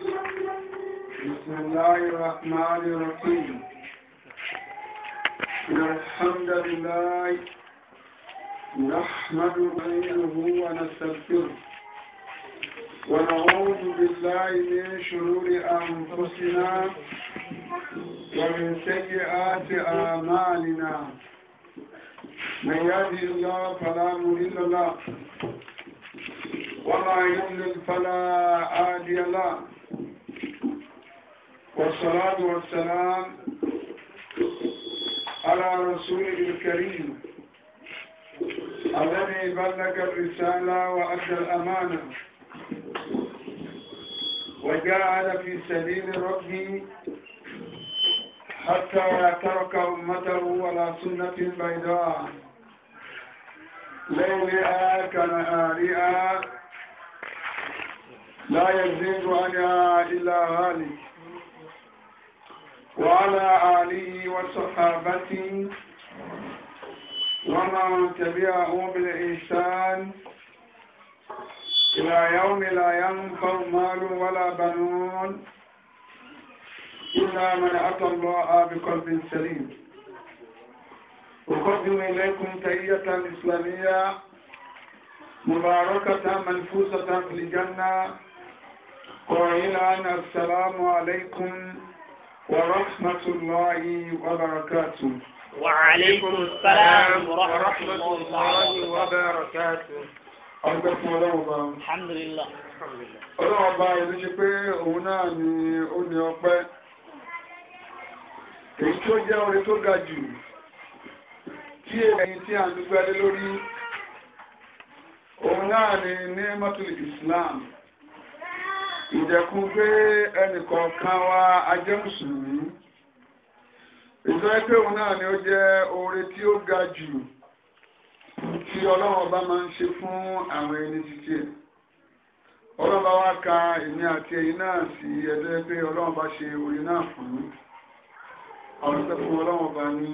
بسم الله الرحمن الرحيم الحمد لله نحمد غيره ونستغفره ونعوذ بالله من شرور أنفسنا ومن سيئات أعمالنا من يهده الله فلا مضل له وما يضلل فلا هادي له والصلاة والسلام على رسوله الكريم الذي بلغ الرسالة وأدى الأمانة وجعل في سبيل ربه حتى ترك أمته ولا سنة بيضاء ليلها كنهارها لا يزيد عنها إلا هالك وعلى آله وصحابته ومن تبعه بالإحسان إلى يوم لا ينفع مال ولا بنون إلا من أتى الله بقلب سليم أقدم إليكم تحية إسلامية مباركة منفوسة في الجنة قائلا السلام عليكم ورحمة الله وبركاته وعليكم السلام ورحمة الله وبركاته ọgbẹ́ fún ọlọ́run bá alhamdulillah ọlọ́run bá ẹni ṣe pé òun náà ni ó ní ọpẹ́ èyí tó jẹ́ orin tó ga tí èyí tí a ń lórí òun náà ni ní ìdẹ̀kùn pé ẹnìkọ̀ọ̀kan wa ajẹ́ mùsùlùmí ìtọ́jú pé òun náà ni ó jẹ́ oore tí ó ga jù tí ọlọ́run ọba máa ń ṣe fún àwọn ẹni títí ẹ̀ ọlọ́run bá wá ka èmi àti ẹ̀yin náà sí ẹ̀dẹ́ pé ọlọ́run bá ṣe oore náà fún mi àwọn ìṣẹ́ fún ọlọ́run ọba ní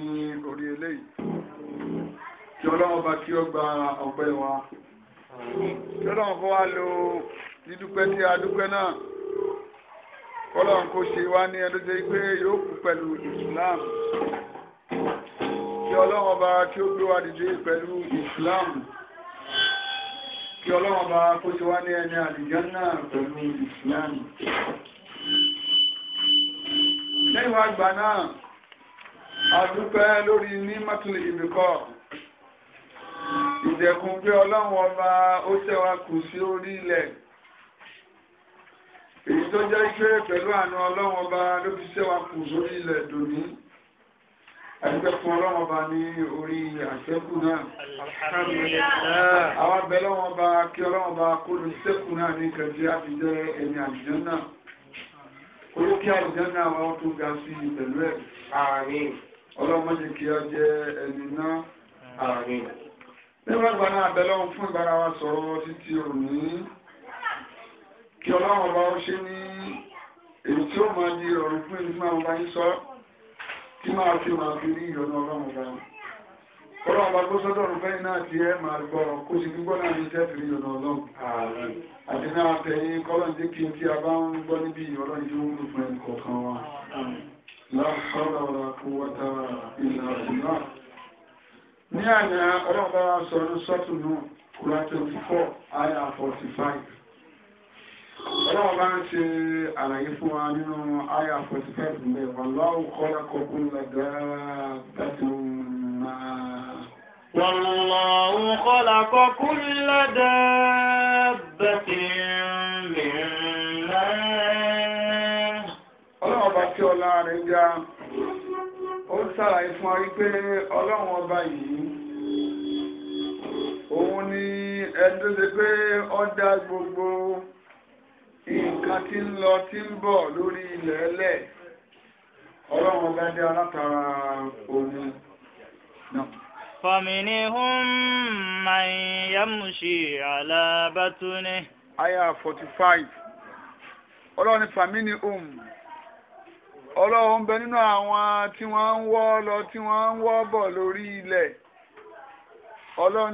orí eléyìí kí ọlọ́run ọba kí ó gba ọgbẹ́ wa kí ọlọ́run kó wá lo dídúpẹ́ tí a dúpẹ́ náà kọ́lọ́n kó ṣe wá ní ẹlọ́jọ́ pé yóò kú pẹ̀lú Islam kí ọlọ́run ọba kí ó gbé wa dìde pẹ̀lú Islam kí ọlọ́run ọba kó ṣe wá ní ẹni àdìjọ́ náà pẹ̀lú Islam lẹ́yìn wá gbà náà a dúpẹ́ lórí ní mọ́tìlì ìbìkọ́ ìdẹ̀kùn pé ọlọ́run ọba ó ṣẹ́wà kù sí orí ilẹ̀ èyí tó jẹ́ ike pẹ̀lú àánú ọlọ́wọ́n ọba ló fi ṣẹ́wà kù sórí ilẹ̀ dòní àdúgbò fún ọlọ́wọ́n ọba ní orí àṣẹ́kù náà àwọn abẹ lọ́wọ́n ọba kí ọlọ́wọ́n ọba kó lu ṣẹ́kù náà ní kẹjẹ àti jẹ́ ẹni àjẹ́ náà olókè àjẹ́ náà wọn tó ga sí pẹ̀lú ẹ̀ ọlọ́mọdé kí ọ jẹ́ ẹni náà àárín nígbàgbà náà abẹ lọ́wọ́n fún ìbára wa sọ̀rọ̀ títí òní kí ọlọ́run ọba ó ṣe ní èyí tí ó máa di ọ̀rùn fún ẹni tí máa bá yín sọ tí máa fi máa fi rí ìyọnu ọlọ́run ọba ọlọ́run ọba tó sọ́dọ̀ ọ̀rùn fẹ́yìn náà ti ẹ máa gbọ́ kó sì gbígbọ́ náà ní jẹ́ fìrí ìyọnu ọlọ́run àti náà tẹ̀yìn kọ́lọ́n jẹ́ kí n tí a bá ń gbọ́ níbi ọlọ́run yóò wúlò fún ẹnì kọ̀ọ̀kan wa láàárọ̀ ọ̀rọ̀ kó wọ́ta ìlà ìlà ní àná ọlọ́run bá sọ̀rọ̀ sọ́tún náà kúrò 24 àyà 45 ọlọ́wọ́ bá ń ṣe àlàyé fún wa nínú àyà 45 ilẹ̀ wàláwù kọ́lá kọkún lẹ́gbẹ́ tẹ́tùn náà wàláwù kọ́lá kọkún lẹ́gbẹ́ tẹ́tùn náà ọlọ́wọ́ bá tí ọlá rẹ̀ já ó sàlàyé fún wa wípé ọlọ́wọ́ ọba yìí òun ni ẹni tó ṣe pé ó dá gbogbo àwọn tí ń lọ tí ń bọ̀ lórí ilẹ̀ ẹlẹ́ ọlọ́run ọba alátara omi náà. فمنهم من يمشي على بطنه Aya 45 Ọlọ́run ni fàmínì um Ọlọ́run bẹ nínú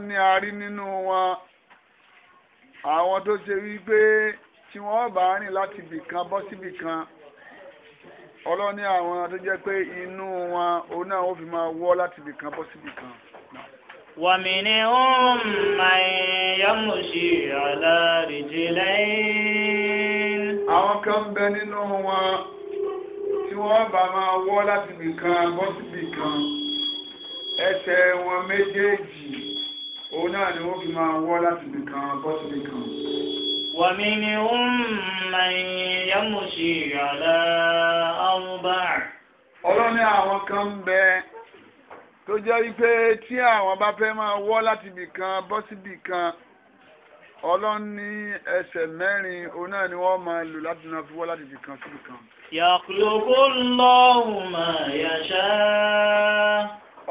ni a rí nínú tí wọ́n bá rìn láti ibì kan bọ́ síbì kan ọlọ́ni àwọn tó jẹ́ pé inú wọn òun náà ó fi máa wọ́ láti ibì kan bọ́ síbì kan. ومنهم من يمشي على رجلين àwọn kan bẹ nínú wọn tí wọ́n bá máa wọ́ láti bìkan bọ́ sí bìkan ẹsẹ̀ wọn méjèèjì òun náà ni wọ́n fi máa wọ́ láti bìkan bọ́ sí bìkan. ومنهم من يمشي على أربع ọlọ́ni àwọn kan ń bẹ tó jẹ́ wípé tí àwọn bá fẹ́ máa wọ́ láti ibì kan bọ́ síbì kan ọlọ́ni ẹsẹ̀ mẹ́rin òun náà ni wọ́n máa lò láti náà fi wọ́ láti ibì kan síbì kan. يخلق الله ما يشاء.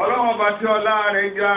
ọlọ́wọ́n bá tí ọlá rẹ̀ ga.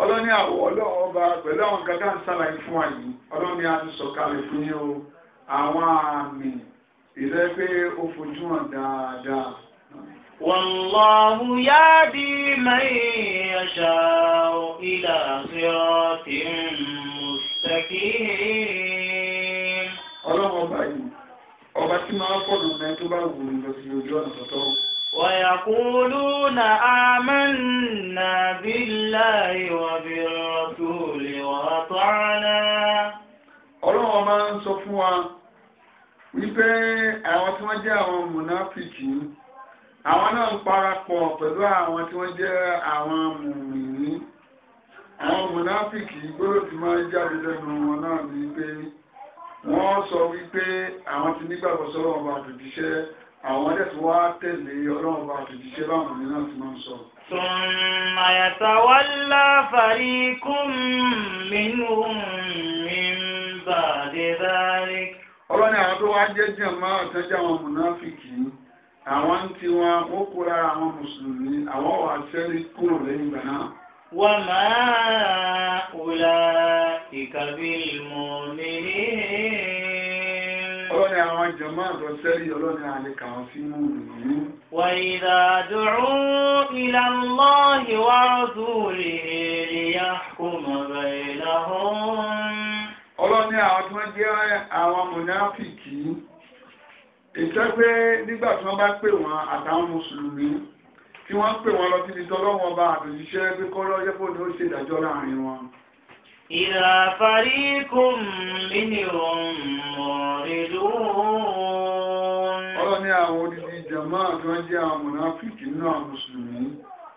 ọlọ́ni àwọ̀ ọlọ́run ọba pẹ̀lú àwọn nǹkan tá à ń fún àyí, ọlọ́ni a ti sọ̀kalẹ̀ fún àwọn àmì ìrẹ́ pé ó fojú hàn dáadáa. Wallahu yahdi man yasha'u ila siratin mustaqim. Ọlọ́run ọba yìí, ọba tí máa fọ̀dùn mẹ́ tó bá wù ú lọ sí ojú ويقولون آمنا بالله وبالرسول وأطعنا ọlọ́run ọmọ ń sọ fún wa wípé àwọn tí wọ́n jẹ́ àwọn mùnáfìkì àwọn náà ń parapọ̀ pẹ̀lú àwọn tí wọ́n jẹ́ àwọn mùmìnì àwọn mùnáfìkì gbọ́dọ̀ tí máa jáde lẹ́nu wọn náà ní pé wọ́n sọ wípé àwọn ti nígbàgbọ́ ọba àtòjíṣẹ́ àwọn ẹ̀dẹ̀tí wá tẹ̀lé ọlọ́run bá ti jíṣẹ́ báwọn ní láti máa ń sọ. Thumma yatawalla fariqun minhum min ba'di dhalik. ọlọ́ni àwọn tó wá jẹ́ jẹ́ máa tẹ́jẹ́ àwọn mùnáfìkì àwọn ń ti wọn ó kóra àwọn mùsùlùmí àwọn wà sẹ́rí kúrò lẹ́yìn ìgbà náà. wa ma ulaika bil mu'minin ọlọ́ni àwọn jọmọ́ àtọ́sẹ́rí ọlọ́ni àlekà wọn sí mú ìlú. wà ìdádùrú ilà lọ́ọ̀hì wá rọ́sùlì èlìyà kò mọ̀ bẹ̀rẹ̀ lọ́hùn. ọlọ́ni àwọn tí wọ́n jẹ́ àwọn mùnáfìkì ìtẹ́gbẹ́ nígbà tí wọ́n bá pè wọ́n àtàwọn mùsùlùmí tí wọ́n pè wọ́n lọ síbi tọ́lọ́wọ́n bá àtòjíṣẹ́ pé kọ́lọ́ yẹ́pọ̀ ni ó ṣèdájọ́ láàrin wọn. إِلَى فَرِيقٍ منهم معرضون ọlọ́ni àwọn odidi jamaa tí wọ́n jẹ́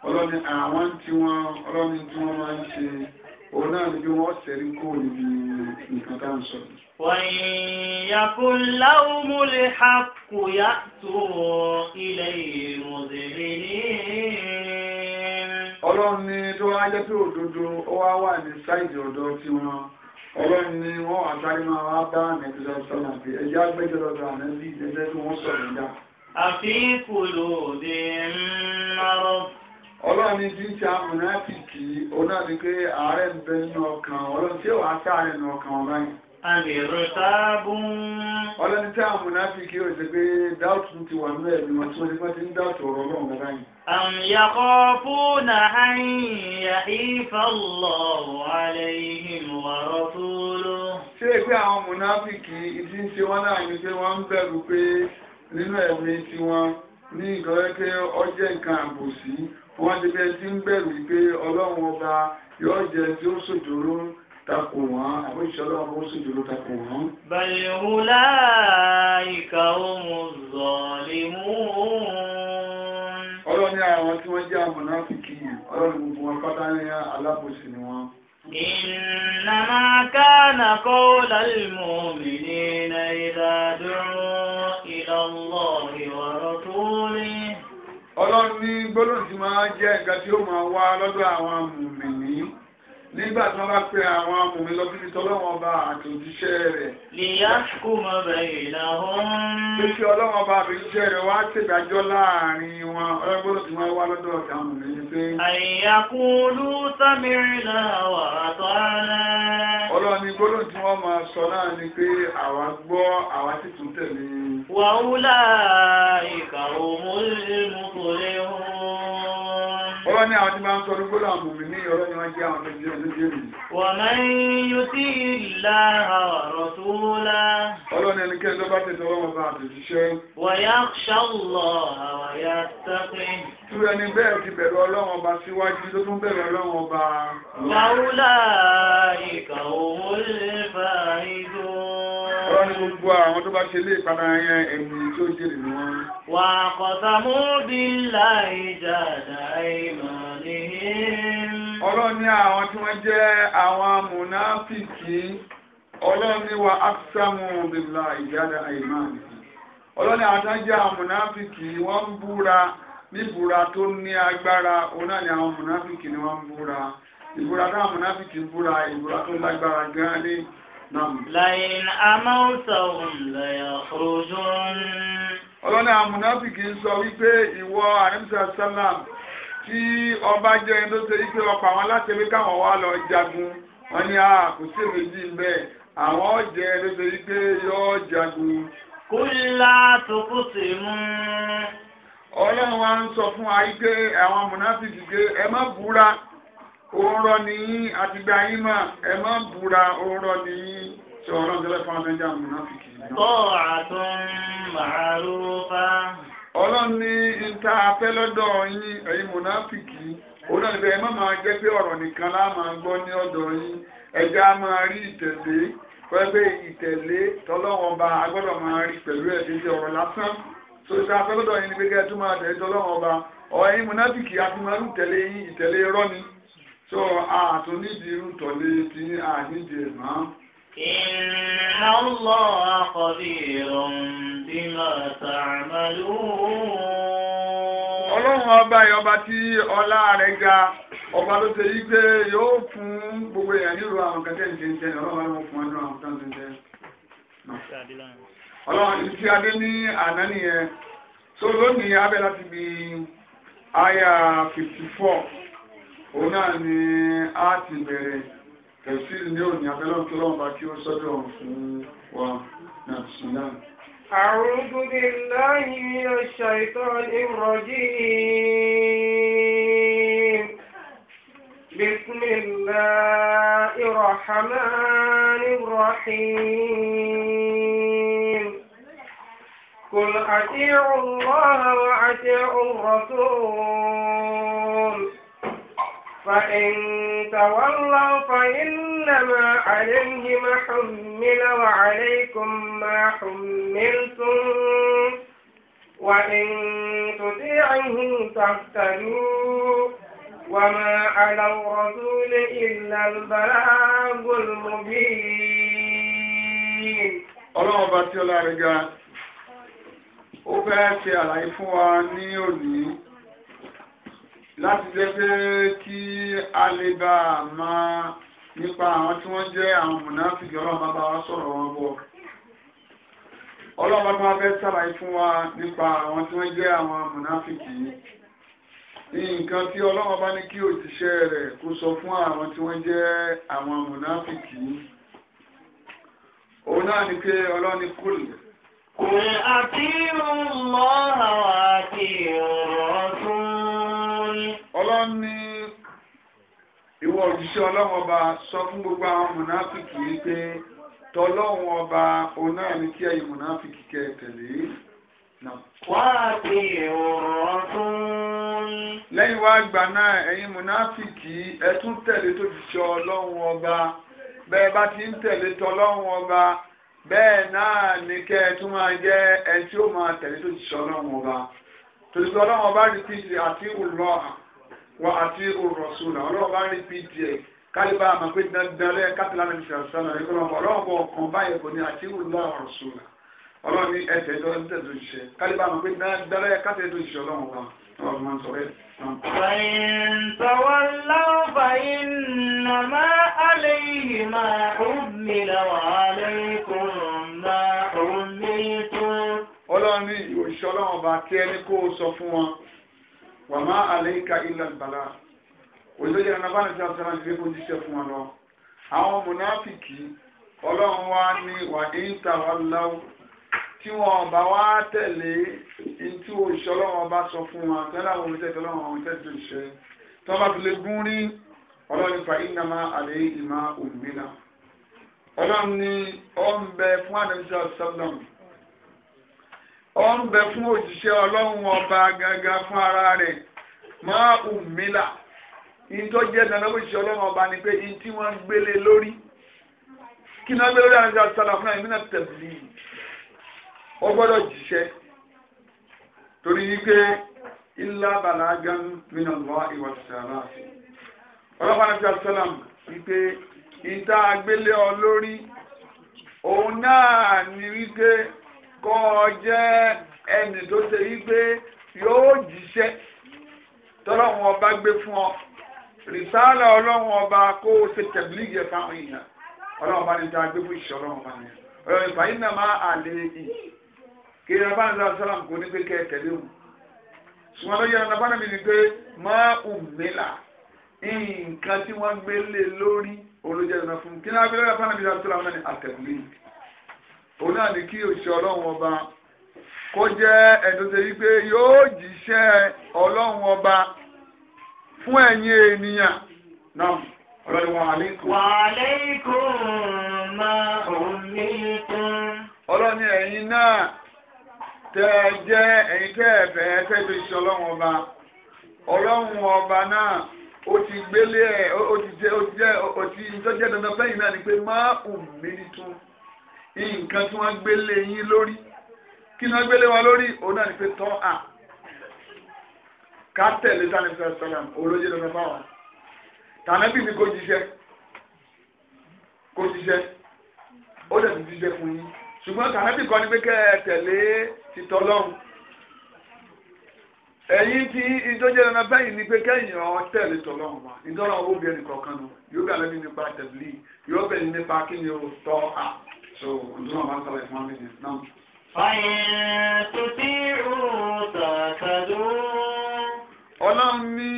ọlọ́ni àwọn tí wọ́n ọlọ́ni tí wọ́n máa ń ṣe òun náà ni bí wọ́n sẹ̀rí kó níbi nǹkan tá sọ. وَيَكُنْ ọlọ́run ni tó wá jẹ́ pé òdodo ó wá wà ní sáìdì ọ̀dọ̀ tí wọn ọlọ́run ni wọ́n wà sáré máa wá bá nàìjíríà sọ́nà pé ẹjẹ́ agbẹ́jọ́ lọ́dọ̀ àná bí ẹjẹ́ tí wọ́n sọ̀rọ̀ dá. àfikúrò dè ń ọlọ́run ni tí ti amúnáfìkì ọ̀nà ni pé ààrẹ ń bẹ nínú ọkàn ọlọ́run tí ó wàá sáà nínú ọkàn ọ̀rá yìí. àmì ìrọ̀tà bùn ọlọ́run ní tí àwọn mùnáfíkì ò ṣe pé dáùtù ti wà ní ẹ̀mí ma tí wọ́n ti pẹ́ ti ń dáùtù ọ̀rọ̀ ọlọ́run gbọ́dá yìí. fúnà àyìnyà wàlẹ̀ wọ̀rọ̀ fúlù. ṣé àwọn mùnáfíkì ìdí ń ṣe wọ́n náà ni pé wọ́n ń bẹ̀rù tiwọn ní ọjẹ́ nǹkan àbòsí wọ́n ti bẹ́ẹ̀ ti ń bẹ̀rù pé ọba yóò tí ó ṣòjòrò takò wọ́n àwọn ìṣọ́lọ́ ọmọ oṣù jùlọ takò wọ́n. bẹ̀rẹ̀ wúlá ìka ọmọ zọ̀ọ̀lì mú un. ọlọ́ni àwọn tí wọ́n jẹ́ amọ̀náfíkì ọlọ́ni gbogbo wọn pátá ní alábòsí ni wọ́n. ìnáma kánà kó lálùmọ̀ mi ní náírà dúró ìlọ́lọ́ ìwọ̀rọ̀ tó ní. ọlọ́ni gbọ́dọ̀ ti máa jẹ́ nǹkan tí ó máa wá lọ́dọ̀ àwọn mùmìnì nígbà tí wọ́n bá pe àwọn amòmí lọ síbi tọ́lọ́wọ́n ọba àti òjíṣẹ́ rẹ̀. lìyá kò mọ bẹ̀rẹ̀ lọ́hún. fífi ọlọ́wọ́n ọba àti òjíṣẹ́ rẹ̀ wá ṣèdájọ́ láàrin wọn ọlọ́gbọ́dọ̀ tí wọ́n wá lọ́dọ̀ ọ̀tá amòmí ni pé. àyàkúlù sámìrìnà wà tọ́ ara. ọlọ́run ní gbólóhùn tí wọ́n máa sọ náà ni pé àwa gbọ́ àwa sì tún tẹ̀lé. wàhálà ìkàwọ́ ọlọ́ni àwọn tí máa ń sọ ní gbọ́dọ̀ àwọn òmìn ní ọ̀rọ̀ ni wọ́n jẹ́ àwọn tẹ̀lé ẹ̀lú jẹ́rì. wọ̀nà yóò tí ìlà ọ̀rọ̀ tó lá. ọlọ́ni ẹnikẹ́ni tó bá bá gbogbo àwọn tó bá ṣe lé ìpadà yẹn ẹ̀mí tó jẹ́rì ni wọ́n. wà á bí láì jáde ọlọ́run ní àwọn tí wọ́n jẹ́ àwọn amúnáfìkì ọlọ́run ní wa aksamu bìbla ìjáde àìmáàlì ọlọ́run àwọn tí wọ́n jẹ́ amúnáfìkì wọ́n ń búra níbúra tó ní agbára òun ni àwọn amúnáfìkì ni wọ́n ń búra ìbúra táwọn amúnáfìkì ń búra ìbúra tó lágbára gan-an ní. Láyìn amáwùsàwùn lẹ́yà ọ̀rọ̀jọ́ ọlọ́ni àmúnáfìkì sọ wípé ìwọ àrẹ́mísà sálàm tí ọba jẹ́ ẹni tó ṣe wípé ọkọ̀ àwọn aláṣẹ wí káwọn wá lọ jagun wọn ní a ah, kò sí èméjì bẹ́ẹ̀ àwọn jẹ́ ẹni tó ṣe wípé yóò jagun. kúlá tó kù sí mú. ọlọ́run wa ń sọ fún wa wípé àwọn mùnáfíìsì pé ẹ má búra òórọ́ nìyí àtìgbà yín mà ẹ má búra òórọ́ nìyí ṣe ọlọ́run tẹ́lẹ̀ fún ọdún jà mùnáfíìsì. tọ́ àtún màálùfà. ọlọ́run ní nta afẹ́ lọ́dọ̀ yín ẹ̀yin mùnáfìkì òun náà níbẹ̀ ẹ má máa jẹ́ pé ọ̀rọ̀ nìkan lá máa gbọ́ ní ọ̀dọ̀ yín ẹja máa rí ìtẹ̀lé pẹ́pẹ́ ìtẹ̀lé tọ́lọ́wọ́n ba agbọ́dọ̀ máa rí pẹ̀lú ẹ̀ títí ọ̀rọ̀ lásán tó afẹ́ lọ́dọ̀ yín ni pé máa tẹ̀lé ẹ̀yin máa rú yín ìtẹ̀lé ni so àtúnídìí rú إن الله خبير بما تعملون ọlọ́run ọba yìí ọba tí ọlá rẹ̀ ga ọba ló ṣe yí pé yóò fún gbogbo èèyàn nílùú àwọn kẹtẹ́ ìṣe ìṣe ọlọ́run ló fún ọdún àwọn kẹtẹ́ ìṣe ìṣe. ọlọ́run ìṣe adé ní àná nìyẹn tó lónìí láti fifty four ni a ti bẹ̀rẹ̀. tẹ̀sílì ní òní abẹ́lọ́ tó lọ́wọ́ bá kí ó sọ́dọ̀ fún wa náà sí náà. أعوذ بالله من الشيطان الرجيم بسم الله الرحمن الرحيم قل أطيعوا الله وأطيعوا الرسول فإن تولوا فإنما عليه ما حمل وعليكم ما حملتم وإن تطيعه تهتدوا وما على الرسول إلا البلاغ المبين ọlọ́run ọba tí ọlá rẹ̀ ga ó fẹ́ ṣe àlàyé fún wa ní òní láti jẹ́ pé kí a lè bá a máa nípa àwọn tí wọ́n jẹ́ àwọn mùnáfíkì ọlọ́run bá bá wa sọ̀rọ̀ wọn bọ̀. ọlọ́run bá bá fẹ́ sàlàyé fún wa nípa àwọn tí wọ́n jẹ́ àwọn mùnáfíkì nǹkan tí ọlọ́run bá ní kí òjíṣẹ́ rẹ̀ kó sọ fún àwọn tí wọ́n jẹ́ àwọn mùnáfíkì òun náà ni pé ọlọ́run ní kúlù. kò àti mọ́ àwọn àti ìrùn ọlọ́run ní ìwọ òjíṣẹ́ ọlọ́run ọba sọ fún gbogbo àwọn mùnáfìkì wípé tọlọ́run ọba òun náà ní kí ẹ̀yin mùnáfìkì kẹ́ ẹ tẹ̀lé. Wáàbí ọ̀rọ̀ tún. Lẹ́yìn wá gbà náà ẹ̀yin mùnáfìkì ẹ tún tẹ̀lé tó ti ṣe ọlọ́run ọba bẹ́ẹ̀ bá ti ń tẹ̀lé tọlọ́run ọba bẹ́ẹ̀ náà ni kẹ́ ẹ tún máa jẹ́ ẹ tí ó máa tẹ̀lé tó ti ṣe ọlọ́run ọba. Tòlùsọ ọlọ́run ọba rìpítì àti ìwùlọ́hàn wọ́n àti òrọ̀sùn ọlọ́run bá rí pta kálíbà àmọ́ pé dandan lẹ́yìn kápẹ́lá ní ìṣẹ̀lẹ̀ sọ́nà ní kọ́lọ́mù ọlọ́run bọ̀ ọ̀kan báyìí kò ní àti òrọ̀sùn ọlọ́run ní ẹsẹ̀ tó ń tẹ̀ tó ṣiṣẹ́ kálíbà àmọ́ pé dandan lẹ́yìn kápẹ́lá tó ṣiṣẹ́ ọlọ́run bá ọlọ́run máa kò máa ń mi tó. ní ìwòsàn ọlọ́run bá kí ẹni kó o sọ fún wọn wà àlẹ́kà ilẹ̀ ìbàlá òṣèlú anabáni tí a sọ láti gbé kojú iṣẹ́ fún wa lọ àwọn mùnáfìkì ọlọ́run wa ní wà ní ìtàwáláwò tí wọn bá wá tẹ̀lé ntí òṣìṣẹ́ ọlọ́run ọba sọ fún wa tẹ́lẹ̀ àwọn omi tẹ́tẹ́ ọlọ́run àwọn tẹ́tẹ́ òṣìṣẹ́ tí wọ́n bá fi lè gún rí ọlọ́run fa ìnàmá àlẹ́ ìmá òmìnira ọlọ́run ní ọ̀ ń bẹ fún àdéhùn sọ́dọ̀mù ọ ń bẹ fún òjíṣẹ́ ọlọ́run ọba gangan fún ara rẹ̀ máa ùmílà ìtọ́ jẹ́ dandan òjíṣẹ́ ọlọ́run ọba ni pé ní tí wọ́n gbélé lórí kí náà gbélé lórí àti àtàlà fún àìmínà tẹ̀lé ọ gbọ́dọ̀ jíṣẹ́ torí wípé ilá balagan min Allah ìwà sàrà ọlọ́pàá náà fi àtàlàm wípé ìta àgbélé ọ lórí òun náà ni wípé kọ́ ọ jẹ́ ẹni tó ṣe wípé yóò jíṣẹ́ tọ́lọ́run ọba gbé fún ọ rìsáàlà ọlọ́run ọba kó o ṣe tẹ̀blígì ẹ̀ fáwọn èèyàn ọlọ́run ọba ní ta gbé fún ìṣọ́ ọlọ́run ọba ní ọlọ́run ìfà yìí náà máa àlè yìí kí ẹ̀rọ bá ń lọ sọ́lá kò ní pé kẹ́ ẹ tẹ̀lé òun ṣùgbọ́n ló yẹra nàbọ́nà mi ni pé máa ùmílà nǹkan tí wọ́n gbélé lórí olójẹ́ ìrìnà kí ní abẹ́rẹ́ nàbọ́nà mi lọ òun náà ni kí òṣìṣẹ́ ọlọ́run ọba kó jẹ́ ẹ̀dọ́sẹ̀ pé yóò jíṣẹ́ ọlọ́run ọba fún ẹ̀yin ènìyàn náà ọlọ́run ẹ̀yin náà tẹ jẹ́ ẹ̀yin ọba ọlọ́run ọba náà ó ti gbélé dandan fẹ́yìn náà ni pé má nǹkan tí wọ́n gbé lé yín lórí kí wọ́n gbé lé wa lórí òun náà ní pé tán à ká tẹ̀lé tani fẹ́ sọ́làm olóyè lọ́nà fáwọn tànàbí ni kò jíṣẹ́ kò jíṣẹ́ ó dẹ̀ ti jíṣẹ́ fún yín ṣùgbọ́n tànàbí kan ní pé kẹ́ ẹ tẹ̀lé títọ́ lọ́hùn ẹ̀yin tí ìjọ́jẹ́ lọ́nà báyìí ni pé kẹ́yìn ọ̀ tẹ̀lé tọ́ lọ́hùn wa ìjọ́ra owó bí ẹnì kọ̀ọ̀kan nù yóò bẹ̀rẹ̀ nípa tẹ̀lé yóò bẹ̀rẹ̀ nípa kí ni o tọ́ à so olùdó àwọn sábà ìfún wọn bẹ̀rẹ̀ náà. fàyẹn tó ti rú tàkàdó. ọlọ́run ní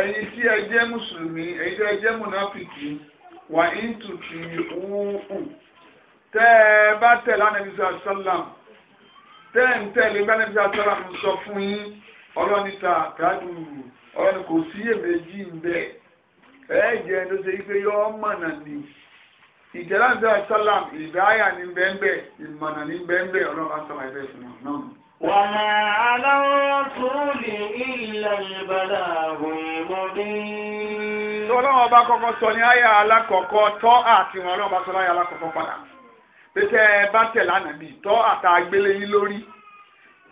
ẹ̀yin tí ẹ jẹ́ mùsùlùmí ẹ̀yin tí ẹ jẹ́ mùnáfìkì wà ń tutù wúwú tẹ́ ẹ bá tẹ̀ lánàá ibi tẹ́ ẹ ń tẹ̀lé bá nàbí sọ fún yín ọlọ́ni ta àkádù ọlọ́ni kò síyèméjì ń bẹ̀ ẹ jẹ́ ẹni tó ṣe yí yọ ọ́ mọ̀nà ìjẹ́lá ní sàlám ìdáyà ní bẹ́ẹ̀nbẹ́ ìmọ̀nà ní bẹ́ẹ̀nbẹ́ ọlọ́run á sọ̀rọ̀ ẹgbẹ́ ìfúnná náà. wà á lọ́wọ́ túlì ilẹ̀ ìbàdà òyìnbọ̀dé. tí ọlọ́run ọba kọ́kọ́ sọ ní àyà alákọ̀ọ́kọ́ tọ́ àti wọn ọlọ́run bá sọ láyà alákọ̀ọ́kọ́ padà pé tẹ́ ẹ bá tẹ̀ lánàá bíi tọ́ àtà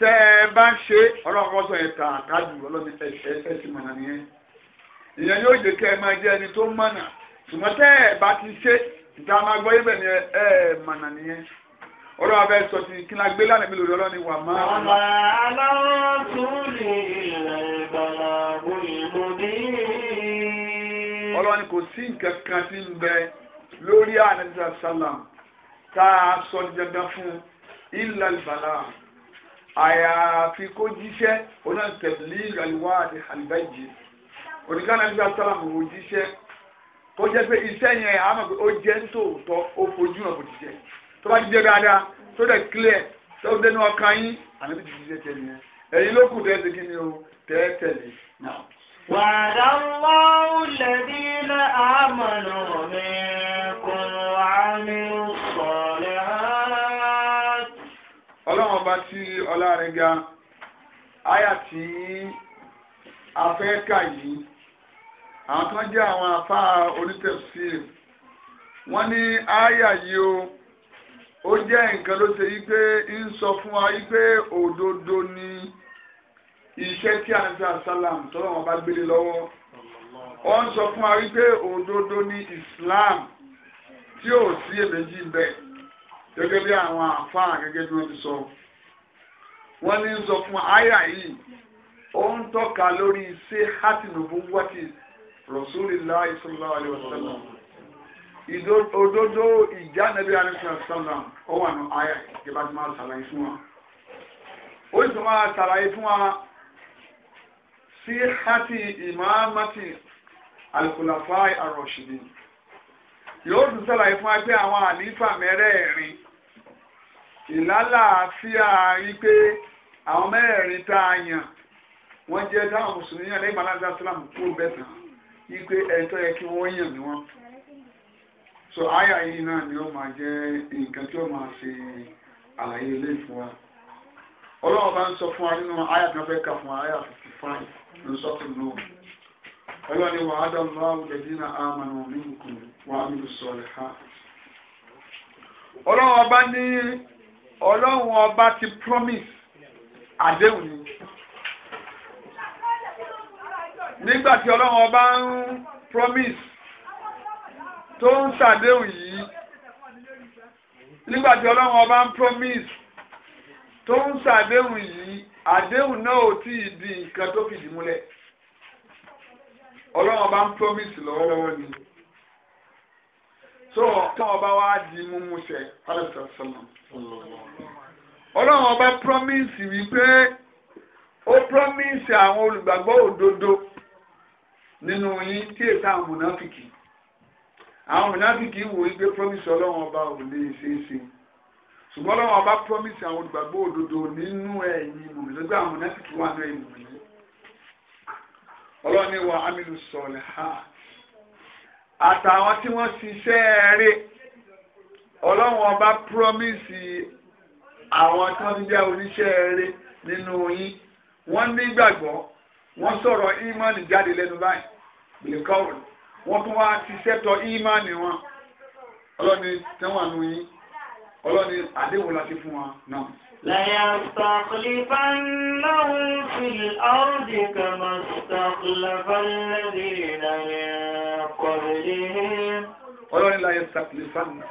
tẹ́ bá ń ṣe nǹkan máa gbọ́ ibẹ̀ ni ẹ ẹ mànà nìyẹn ọlọ́run abẹ́ sọ ti kí n gbé lánàá lórí ọlọ́ni wà máa. ọmọ aláwọ̀ tún ní ilẹ̀ ìgbàlá òyìnbó ní. ọlọ́run kò sí nǹkan kan tí ń bẹ lórí ànàdíjà sálàm tá a sọ dandan fún ilẹ̀ ìgbàlá àyàfi kó jíṣẹ́ onáà tẹ̀lé ìgbàlúwà àti àlùbáyé kó jẹ́ pé iṣẹ́ yẹn àmọ́ pé ó jẹ́ nítòótọ́ ó fojú hàn kò tó bá ti dáadáa tó dẹ̀ clear tó dẹnu ọkàn yín àmì ti ti jẹ́ tẹ̀lé yẹn ló kù tẹ́ẹ̀ kí ni o tẹ́ẹ̀ tẹ̀lé náà. وعد الله الذين آمنوا منكم وعملوا الصالحات ọlọ́run ọba tí ọlá rẹ̀ ga àwọn kan jẹ́ àwọn afá onítẹ̀síìrì wọ́n ní àyà yìí o ó jẹ́ nǹkan ló ṣe yí pé ń sọ fún wa yí pé òdodo ni iṣẹ́ tí a ń sá sálàm tọ́lọ́ wọn bá gbélé lọ́wọ́ ó ń sọ fún wa yí pé òdodo ni Islam tí ò sí èméjì bẹ́ẹ̀ gẹ́gẹ́ bí àwọn àfá gẹ́gẹ́ bí wọ́n ti sọ wọ́n ní sọ fún àyà yìí ó ń tọ́ka lórí ṣé hátìlùbù wọ́tìsì Rasulillah sallallahu alaihi wasallam òdodo ìjà nẹ́bí alẹ́sàlám ó wà nù ayà ìjọba tí máa ṣàlàyé fún wa ó sì máa ṣàlàyé fún wa sí hati ìmáàmátì alukulafa arọ̀ṣìdì yóò tún ṣàlàyé fún wa pé àwọn àlífà mẹ́rẹ̀ẹ̀rin ìlàlàáfíà rí pé àwọn mẹ́rẹ̀ẹ̀rin tá a yàn wọ́n jẹ́ táwọn mùsùlùmí yàn lẹ́yìn maláńdà sálàmù kúrò bẹ́ẹ̀ tán. Igwe ẹni tó yẹ kí wọ́n ni so àyà yìí ni ó máa jẹ́ nǹkan tí ó máa ṣe àlàyé ilé ìfún wa ọlọ́run bá ń sọ fún wa nínú àyà kan fẹ́ kà fún wa àyà fifty five ló sọ fún mi ni wàá dá lọ́wọ́ àwùjọ́dí náà àmàlà òní nìkan wàá ha ọlọ́run ọba ní ọlọ́run ọba ti promise àdéhùn ni. nígbà tí ọlọ́run ọba ń promise tó ń ṣàdéhùn yìí nígbà tí ọlọ́run ọba ń promise tó ń ṣàdéhùn yìí àdéhùn náà ò tí ì di nǹkan tó fìdí múlẹ̀ ọlọ́run ọba ń promise lọ́wọ́lọ́wọ́ ni so tán ọba wa di mímú ṣẹ alẹ́sàsánà ọlọ́run ọba promise wípé ó promise àwọn olùgbàgbọ́ òdodo nínú yín tí èta àwọn mùnáfìkì àwọn mùnáfìkì wò ó gbé promise ọlọ́run ọba ò lè ṣe é ṣe ṣùgbọ́n ọlọ́run ọba promise àwọn olùgbàgbọ́ òdodo nínú ẹ̀yìn mùmí lọ́gbẹ́ àwọn mùnáfìkì wà ní ẹ̀yìn mùmí ọlọ́run ni wà ámìlú sọ̀lẹ̀ ha àtàwọn tí wọ́n ṣiṣẹ́ eré ọlọ́run ọba promise àwọn tí wọ́n ti jẹ́ oníṣẹ́ eré nínú yín wọ́n nígbàgbọ́ wọ́n sọ̀rọ̀ ìmánì jáde lẹ́nu báyìí bìlẹ̀kọ́wò wọ́n tún wá ti sẹ́tọ̀ ìmánì wọn ọlọ́ni tẹ́wọ̀n yín ọlọ́ni àdéhùn láti fún wọn náà. ليستخلفنهم في الأرض كما استخلف الذين من قبلهم ọlọ́ni láyé sàkìlífàánù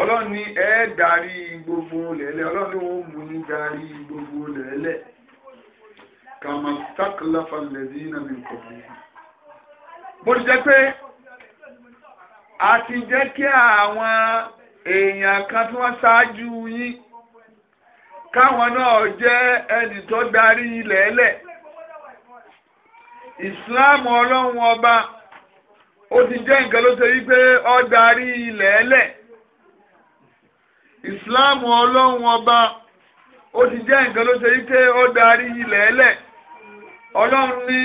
ọlọ́ni ẹ̀ẹ́dàrí gbogbo lẹ́lẹ́ ọlọ́ni ó mú ní darí gbogbo lẹ́lẹ́ kàmà tákìláfà lẹ́dínà ní kọ̀ọ̀kan. bó ti jẹ pé a ti jẹ kí àwọn èèyàn kan tí wọ́n ṣáájú yín káwọn náà jẹ ẹnì tó darí ilẹ̀ ẹlẹ̀ ìsìláàmù ọlọ́run ọba ó ti jẹ́ nǹkan ló ṣe wípé ó darí ilẹ̀ ọba ó ti jẹ́ nǹkan ló ṣe wípé ó darí ilẹ̀ ẹlẹ̀. ọlọ́run ní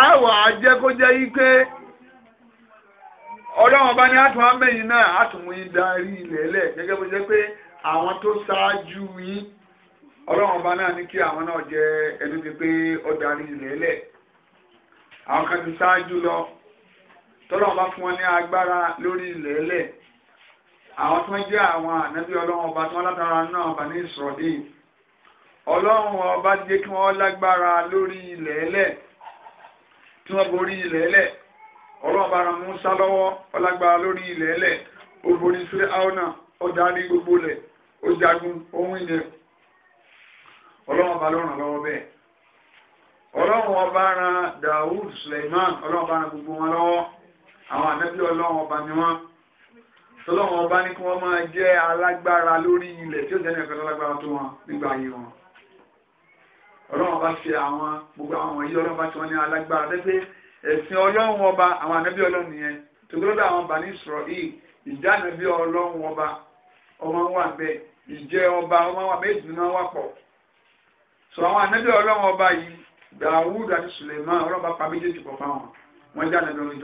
àwọ̀ ajẹ́ kó jẹ́ ike ọlọ́run bá ní àtún amẹ́yìn náà àtúnwò yín darí ilẹ̀ lẹ̀ gẹ́gẹ́ bó jẹ́ pé àwọn tó ṣáájú yín ọlọ́run bá náà ní kí àwọn náà jẹ́ ẹni tí pé ó darí ilẹ̀ àwọn kan ti ṣáájú lọ tọ́lọ́run bá fún wọn ní agbára lórí ilẹ̀ àwọn tó ń jẹ́ àwọn ànábí ọlọ́run ọba tí látara náà bá ní ìsọ̀rọ̀ ọlọ́run ọba jẹ́ kí wọ́n lágbára lórí ilẹ̀ ẹlẹ̀ tí wọ́n borí ilẹ̀ ẹlẹ̀ ọlọ́run bá ran Musa lọ́wọ́ ọlágbára lórí ilẹ̀ ẹlẹ̀ ó borí sí aona ó darí gbogbo lẹ̀ ó jagun ohun ilẹ̀ ọlọ́run ọba lọ́ràn lọ́wọ́ bẹ́ẹ̀ ọlọ́run ọba ran Dawud Suleiman ọlọ́run ọba ran gbogbo wọn lọ́wọ́ àwọn ànábì ọlọ́run ọba ni wọ́n tọ́lọ́run ọba ní kí wọ́n máa jẹ́ alágbára lórí ilẹ̀ tí ó jẹ́ ní ẹ̀fẹ́ lágbára tó wọn nígbà ayé wọn ọlọ́run bá ṣe àwọn gbogbo àwọn wọ̀nyí ọlọ́run bá ṣe wọ́n ní alágbára dẹ́gbẹ́ ẹ̀sìn ọlọ́run ọba àwọn ànábì ọlọ́run yẹn tòkúlọ́dọ̀ àwọn bàní sọ̀rọ̀ yìí ìdánábì ọlọ́run ọba ọmọ wa bẹ ìjẹ ọba ọmọ wa méjì ni wọ́n wà pọ̀ sọ àwọn ànábì ọlọ́run ọba yìí dàwúdà àti sùlẹ̀mán ọlọ́run bá pa méjèèjì pọ̀ fáwọn wọ́n jẹ́ ànábì ọlọ́run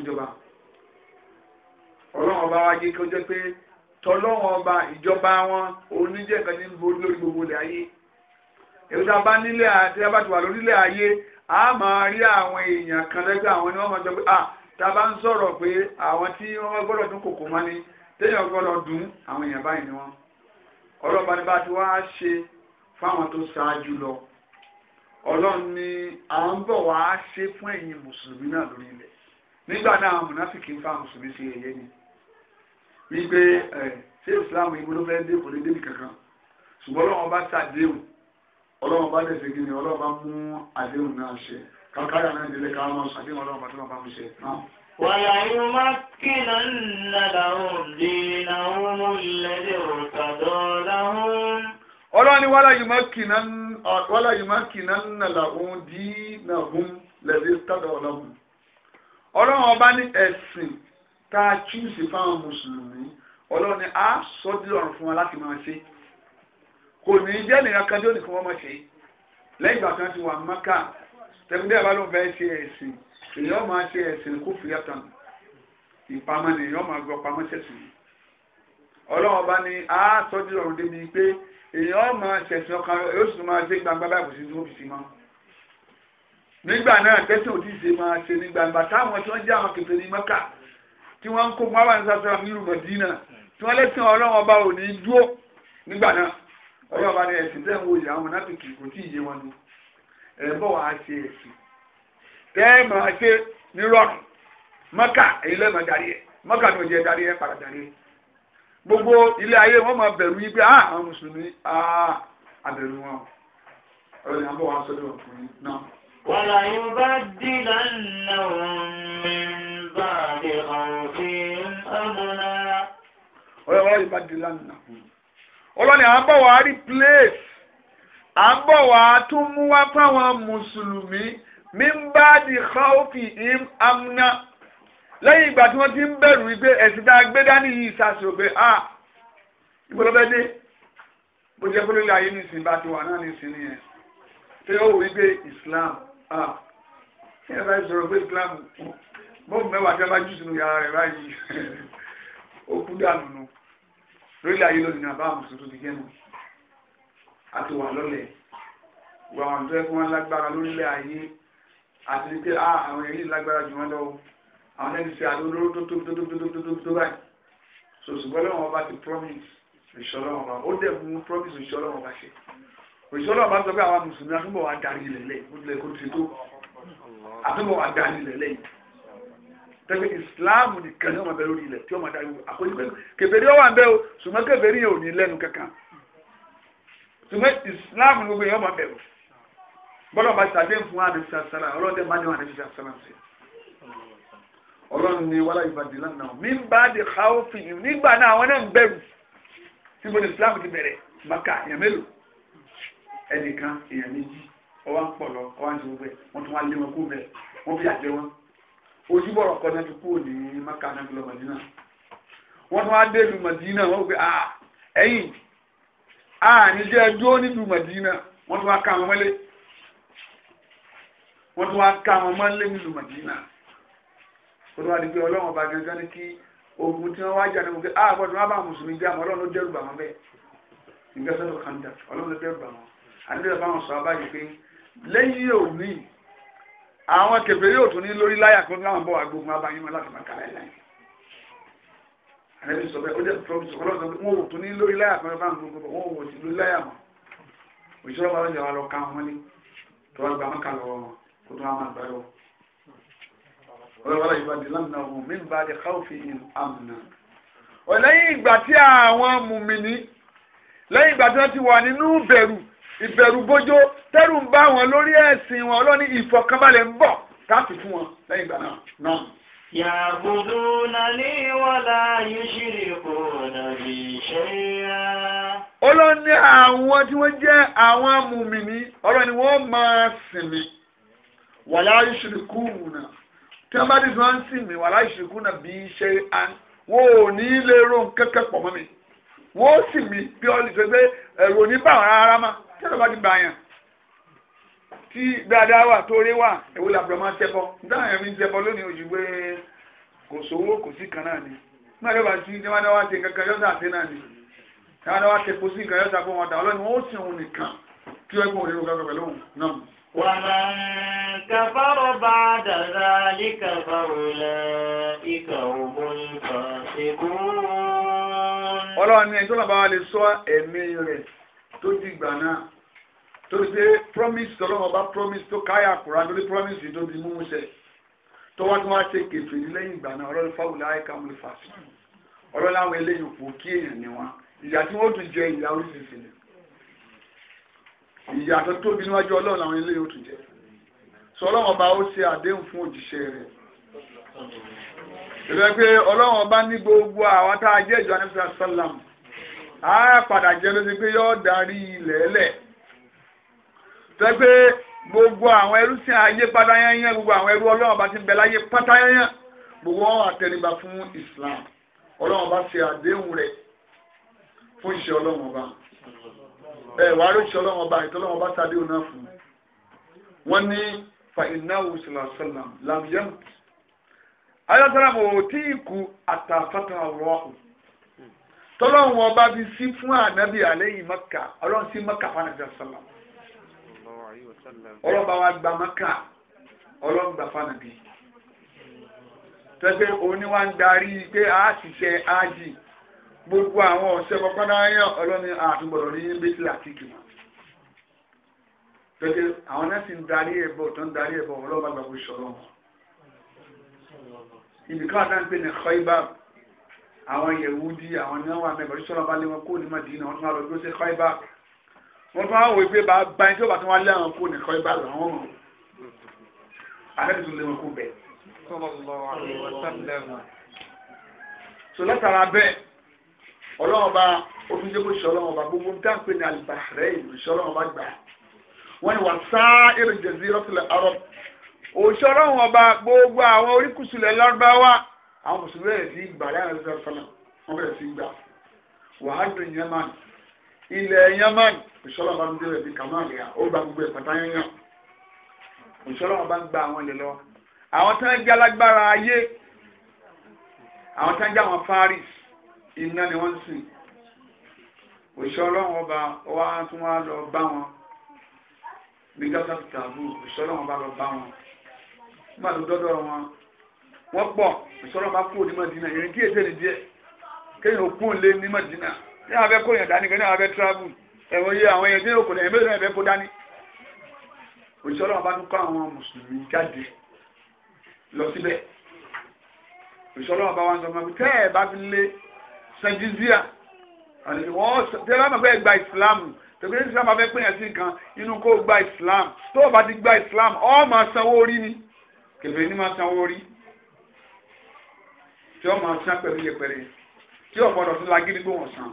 ìjọba ọlọ́run ọba wa jẹ́ kí ó jẹ́ pé tọ́lọ́run ọba ìjọba wọn oníjẹ́ kan ní lórí gbogbo ilẹ̀ ayé èyí tá a bá nílé àti a bá ti wà lórílẹ̀ ayé a máa rí àwọn èèyàn kan lẹ́gbẹ́ àwọn ni wọ́n máa sọ pé ah tá a bá ń sọ̀rọ̀ pé àwọn tí wọ́n gbọ́dọ̀ dún kòkó mọ́ ni téèyàn gbọ́dọ̀ dún àwọn èèyàn báyìí ni wọ́n ọlọ́ba ni bá ti wá ṣe fáwọn tó ṣáájú lọ ọlọ́run ni à ń bọ̀ wá ṣe fún ẹ̀yin mùsùlùmí náà lórí ilẹ̀ nígbà náà àwọn mùnáfìkì ń fa mùsùlùmí sí ẹ̀yẹ ni wípé ṣé ìsìláàmù ìgbóná fẹ́ dé kò lè débi kankan ṣùgbọ́n ọlọ́run bá ṣàdéhùn ọlọ́run bá lè ṣe kí ni ọlọ́run bá mú àdéhùn náà ṣe kákàrà náà délé ká máa ṣe àdéhùn ọlọ́run bá tó náà bá mú ṣe náà. wàyà yóò má kí náà nà láwọn di náà mú lẹ́dẹ̀ òkàdọ́ láwọn. ọlọ́run ni wàlá yìí má kí náà nà láwọn di náà mú lẹ́dẹ̀ òkàdọ́ láwọn. ọlọ́run ọba ní ẹ̀sìn tá a túnṣe fáwọn mùsùlùmí ọlọ́run ni a sọ́dúnrún fún wa láti máa ṣe kò ní jẹ́ nìyẹn kan tó nìkan wọ́n máa ṣe lẹ́yìn ìgbà kan ti wà mọ́kà tẹ̀kúndé àbá ló fẹ́ ṣe ẹ̀sìn èèyàn máa ṣe ẹ̀sìn kó fìyà ìpamọ́ ni èèyàn máa gbọ́ pamọ́ ṣẹ̀sìn ọlọ́wọ́n bá ní á tọ́jú ọ̀run débi pé èèyàn máa ṣẹ̀sìn ọkàn rẹ̀ yóò sì máa ṣe gbangba báyìí kò sí tó fi sí mọ́ nígbà náà tẹ́sán ò tí ì ṣe máa ṣe ní gbangba táwọn tí wọ́n jẹ́ àwọn kẹfẹ́ ní mọ́kà tí wọ́n ń kó mọ́ àwọn àti nílùú mọ̀dínà tí wọ́n lẹ́sìn ọlọ́wọ́n bá ò ní dúró nígbà náà ọyọ́ ọba ní ẹ̀sìn tẹ́ ń wo ìyá wọn láti kò tí ì yé wọn nu ẹ̀ ń ṣe ẹ̀sìn tẹ́ máa ṣe nírọ̀rùn mọ́kà èyí lẹ́ẹ̀mọ́ darí ẹ̀ mọ́kà ní òjẹ́ darí ẹ̀ padà darí ẹ̀ gbogbo ilé ayé wọn máa bẹ̀rù yí pé á ah, àwọn mùsùlùmí á ah, àbẹ̀rù wọn ọ̀rọ̀ ni à ń bọ̀ wá sọ́dọ̀ ọkùnrin náà. wàlá yóò bá dì lánàá wọn bá àdé ọ̀rọ̀ ọlọ́ni à ń bọ̀ wá replace à ń bọ̀ wá tún mú wá fáwọn mùsùlùmí mímbáàdì káwọ́fì im amúná lẹ́yìn ìgbà tí wọ́n ti ń bẹ̀rù wípé ẹ̀sìn tá a gbé dání yìí ṣàṣọ pé a dé bó jẹ́ fúnlẹ̀ ayé nìsín bá ti wà náà nìsín nìyẹn tí ó wò wípé Islam ah kí ẹ bá sọ̀rọ̀ pé Islam bọ́ọ̀mù mẹ́wàá tí wọ́n bá jù sínú yàrá rẹ̀ báyìí ó kú dànù nù lórílẹ̀ ayé lónìí àbá àmùsùn ti jẹ́nu àti wà lọ́lẹ̀ wọ àwọn tó yẹ kí wọ́n lágbára lórílẹ̀ ayé àti pé ah, àwọn èyí lágbára jù wọ́n lọ́wọ́ àwọn ẹni ṣe àlólóró tó tóbi tó tóbi tó tóbi tó tóbi tó báyìí so ṣùgbọ́n lọ́wọ́ ọba ti promise ìṣọ́lọ́wọ́ ọba ó dẹ̀ mú promise ìṣọ́lọ́wọ́ ọba ṣe ìṣọ́lọ́wọ́ ọba sọ pé àwọn mùsùlùmí àtúbọ̀ àtúbọ̀ wà darí lẹ̀lẹ́ tẹ́lẹ̀ Islam nìkan ni wọ́n máa bẹ lórí ilẹ̀ tí wọ́n máa darí wọ́n àkóyí pé kèfèrí ọ̀wà ń bẹ́ o ṣùgbọ́n kèfèrí yẹn ò ní lẹ́nu kankan ṣùgbọ́n ìsìláàmù ni gbogbo yẹn máa bẹ̀rù bọ́lá ọba ṣàdé fún wa àdébísà sára ọlọ́dẹ máa ní wọn àdébísà sára ṣe ọlọ́run ni wàlá ìbàdí lánàá mi ń bá di káwọ́ fi yìí nígbà náà àwọn náà ń bẹ̀rù tí mo ní ìsìláàmù ti bẹ̀rẹ̀ maka èèyàn mélòó ẹnìkan èèyàn méjì ọwọ́ ń pọ̀ lọ ọwọ́ ń ṣe gbogbo ojúbọ̀rọ̀ kan náà fi kúrò ní maka náà fi lọ Madina wọ́n tún wá dé ìlú Madina wọ́n pe ah ẹ̀yìn ah níjẹ́ ẹjọ́ nílùú Madina wọ́n tún wá ká wọn mọ́lé wọ́n tún wá ká wọn mọ́lé nílùú Madina wọ́n tún wá di pé ọlọ́run ọba gẹ́gẹ́ ní kí ogun tí wọ́n wá jà ní gbogbo ah gbọ́dọ̀ wọn bá mùsùlùmí jà mọ́ ọlọ́run ló dẹ́rù bà wọn bẹ́ẹ̀ ìgbésẹ̀ ló kàn dà ọlọ́run ló dẹ́rù bà wọn àdébẹ̀ bá wọn sọ abáyé pé lẹ́yìn òní àwọn kẹfẹ yóò tún ní lórí láyà kan láwọn bọ agbóhun abáyé wọn láti máa kàlẹ́ láyé àlẹ́ sọ bẹ́ẹ̀ ó jẹ́ tọ́pù sọ fọlọ́sọ wọn ò tún ní lórí láyà kan láwọn gbogbo bọ̀ wọn sí lórí láyà mọ́ òṣìṣẹ́ wọn lọ́jà wa lọ ká wọn ní tó wá gba mọ́kà lọ́wọ́ wọn kó tó wá máa gbá lọ. ọlọ́wọ́lá wọn mí ìgbà tí wọ́n ti wà nínú bẹ̀rù ìbẹ̀rù bójó tẹ́rù ń bá wọn lórí ẹ̀sìn wọn ọlọ́ni ìfọ̀kànbalẹ̀ ń bọ̀ káàpì fún wọn lẹ́yìn ìgbà náà náà. Yàbùdúnàní wàlá yúṣìrìkùnà bí ṣẹ́yà. Ọlọ́ni àwọn tí wọ́n jẹ́ àwọn amùmìnì ọ̀rọ̀ ni wọ́n máa sìn mí. Wàlá yúṣìrìkùnà. Tí wọ́n bá dì sí sìn mí, wàlá yúṣìrìkùnà bí ṣẹ́yà. Wọ́n ò ní lè ro kẹ́kẹ́ pọ̀ mọ́ mi. Wọ́n sì mí bí ọ̀lì tẹ́lẹ̀ bá ti bà yàn tí dáadáa wà tóore wà èwo làbúrò máa ń tẹ́bọ̀ dáhùn ẹ̀mí ń tẹ́bọ̀ lónìí ojú pé kò sówó kò sí kan náà ni nígbà tó bá ti ní wọ́n wá ṣe kankan yọ́sà àti náà ni wọ́n wá ṣe kó sí nǹkan yọ́sà fún wọn dà ọlọ́ni wọ́n ó sì òun nìkan tí wọ́n kún òun nínú pẹ̀lú òun náà. ومن كفر بعد ذلك فأولئك هم الفاسقون. ọlọ́run ni ẹjọ́ bàbá wa lè tó di ìgbà náà torí pé promise tọ́lọ́mọ bá promise tó káyà kúrò àdórí promise tó di múmú sẹ tó wá tó wá ṣe kèfè ní lẹ́yìn ìgbà náà ọlọ́run fáwọn ilé ayéka mú fà sí ọlọ́run àwọn eléyìí kò kí èèyàn ní wọn ìyà tí wọ́n tún jẹ ìyà oríṣiríṣi ni ìyà tó tóbi níwájú ọlọ́run àwọn eléyìí ó tún jẹ sọ ọlọ́run ọba ó ṣe àdéhùn fún òjíṣẹ́ rẹ̀ ìrẹ́ pé ọlọ́run ọba ní gbogbo àwọn tá a jẹ́ ìjọ anífẹ́ sálàmù á padà jẹ́ ló ti pé yọ́ darí ilẹ̀ ẹlẹ̀ tẹ́ pé gbogbo àwọn ẹrú sí ayé padà yányán gbogbo àwọn ẹrú ọlọ́run bá ti bẹ̀ láyé pátá yányán gbogbo wọn àtẹnibà fún Islam ọlọ́run bá ṣe àdéhùn rẹ̀ fún iṣẹ́ ọlọ́run ọba ẹ wàá ló ṣe ọlọ́run ọba ìtọ́ ọlọ́run ọba ṣàdéhùn náà fún wọn ní fàìnáwó sàlàsàlàm làmìyàn ayọ́sàlámù ò tí ì kú àtàfàtà ọ̀rọ̀ ọ̀hún tọ́lọ́run ọba fi sí fún ànábì àlẹ́yìn mọ́kà ọlọ́run sí mọ́kà fún ànábì ọ̀sán ọlọ́ba wa gba mọ́kà ọlọ́run gbà fún ànábì tẹ́gbẹ́ òní wa ń darí pé a ṣiṣẹ́ ájì gbogbo àwọn ọ̀sẹ̀ kọ̀ọ̀kan náà ọlọ́ni àtúgbọ̀dọ̀ ní bẹ́tì àti kìmọ̀ tẹ́gbẹ́ àwọn náà sì ń darí ẹ̀bọ̀ tó ń darí ẹ̀bọ̀ ọlọ́ba gbàgbọ́ ìṣọ̀rọ̀ wọn ibìkan àtàǹpẹ̀ ní Khaybar àwọn yẹwudi àwọn ní wọn mẹbẹrẹ sọlọ bá lé wọn kó ní madina wọn tún wá lọ dúró sí kọyìbá wọn tún wá wò pé bá gba ẹni tí wọn bá tún wá lé àwọn kó ní kọyìbá làwọn mọ àbẹ́ni tún lé wọn kó bẹ́ẹ̀. sọ látara bẹ́ẹ̀ ọlọ́wọ́n bá oníjẹ́kọ̀ sọlọ́wọ́n bá gbogbo ń dáhùn pé ní alìbàrẹ́ ìlú sọlọ́wọ́n bá gbà wọ́n ni wà sáà ìrìnjẹ̀sí rọ́tìlẹ̀ arọ́b àwọn mùsùlùmí bẹ̀rẹ̀ sí gbà láyé àti sọ́nà wọ́n bẹ̀rẹ̀ sí gbà wàhálù yamani ilẹ̀ yamani ìṣọ́lá bá ń bẹ̀rẹ̀ bí kàmáàlì à ó gba gbogbo ìpàtà yẹn ìṣọ́lá bá ń gba àwọn ilẹ̀ lọ àwọn tí wọ́n jẹ́ alágbára ayé àwọn tí wọ́n jẹ́ àwọn Faris iná ni wọ́n ń sìn òṣìṣẹ́ ọlọ́run ọba wa tún wá lọ bá wọn bí gásà tàbú òṣìṣẹ́ ọlọ́run ọba lọ bá wọn nígbà tó dọ́dọ̀ wọn wọ́n pọ̀ ìṣọ́rọ̀ máa kúrò ní Madina ìrìn kí èsè ní díẹ̀ kéèyàn ó kúrò lé ní Madina ní àwọn abẹ́ kóyàn dání kéèyàn abẹ́ travel ẹ̀wọ̀n yẹ àwọn èèyàn tí yóò kò lẹ́yìn mẹ́rin ẹ̀fẹ́ kó dání òṣìṣọ́rọ̀ bá tún kọ́ àwọn mùsùlùmí jáde lọ síbẹ̀ òṣìṣọ́rọ̀ bá wọn sọ fún mi tẹ́ ẹ̀ bá fi lé sanjizia tẹ́ bá mọ̀ fẹ́ gba ìsìlámù tẹ̀gbẹ́ ìsìlámù afẹ́ pèyàn sí nǹkan inú kó gba ìsìlámù tó o bá ti gba ìsìlámù ó máa sanwó orí ni kẹfẹ́ ni máa sanwó orí tí wọ́n máa sán pẹ̀lú yẹpẹrẹ tí ọ̀pọ̀lọpọ̀ tó lágídí gbò wọ́n sàn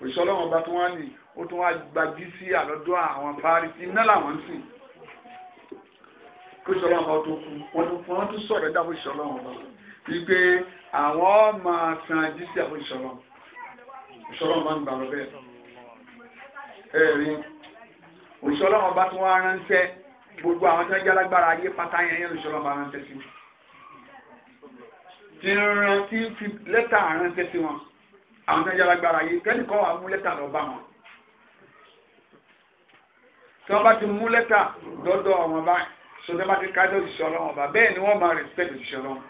òṣìṣẹ́ ọlọ́run ọba tó wá ní ó tún wá gbajú sí àlọ́dọ́ àwọn parí tí iná làwọn ń sìn kóṣìṣẹ́ ọlọ́run ọba tó kú wọn tó fún wọn tó sọ̀rọ̀ ẹ̀dá òṣìṣẹ́ ọlọ́run ọba wípé àwọn máa san jí sí àwọn òṣìṣẹ́ ọlọ́run òṣìṣẹ́ ọlọ́run máa ń gbà lọ bẹ́ẹ̀ ẹ̀rín òṣìṣẹ́ ọlọ́run ọba tó wá ránṣẹ́ gbogbo àwọn tó ń jẹ́ alágbára ayé pátá yẹn yẹn òṣìṣẹ́ ọlọ́run ọba ránṣẹ́ sí i ti rán tí fi lẹ́tà ránṣẹ́ sí wọn àwọn tó ń yára gbára yìí kẹ́ni kọ́ wa mú lẹ́tà lọ bá wọn. tí wọ́n bá ti mú lẹ́tà dọ́dọ̀ àwọn bá sọdọ́ bá ti kájọ́ ìṣọ́ ọlọ́wọ́n ọba bẹ́ẹ̀ ni wọ́n máa respect ìṣọ́ ọlọ́wọ́n.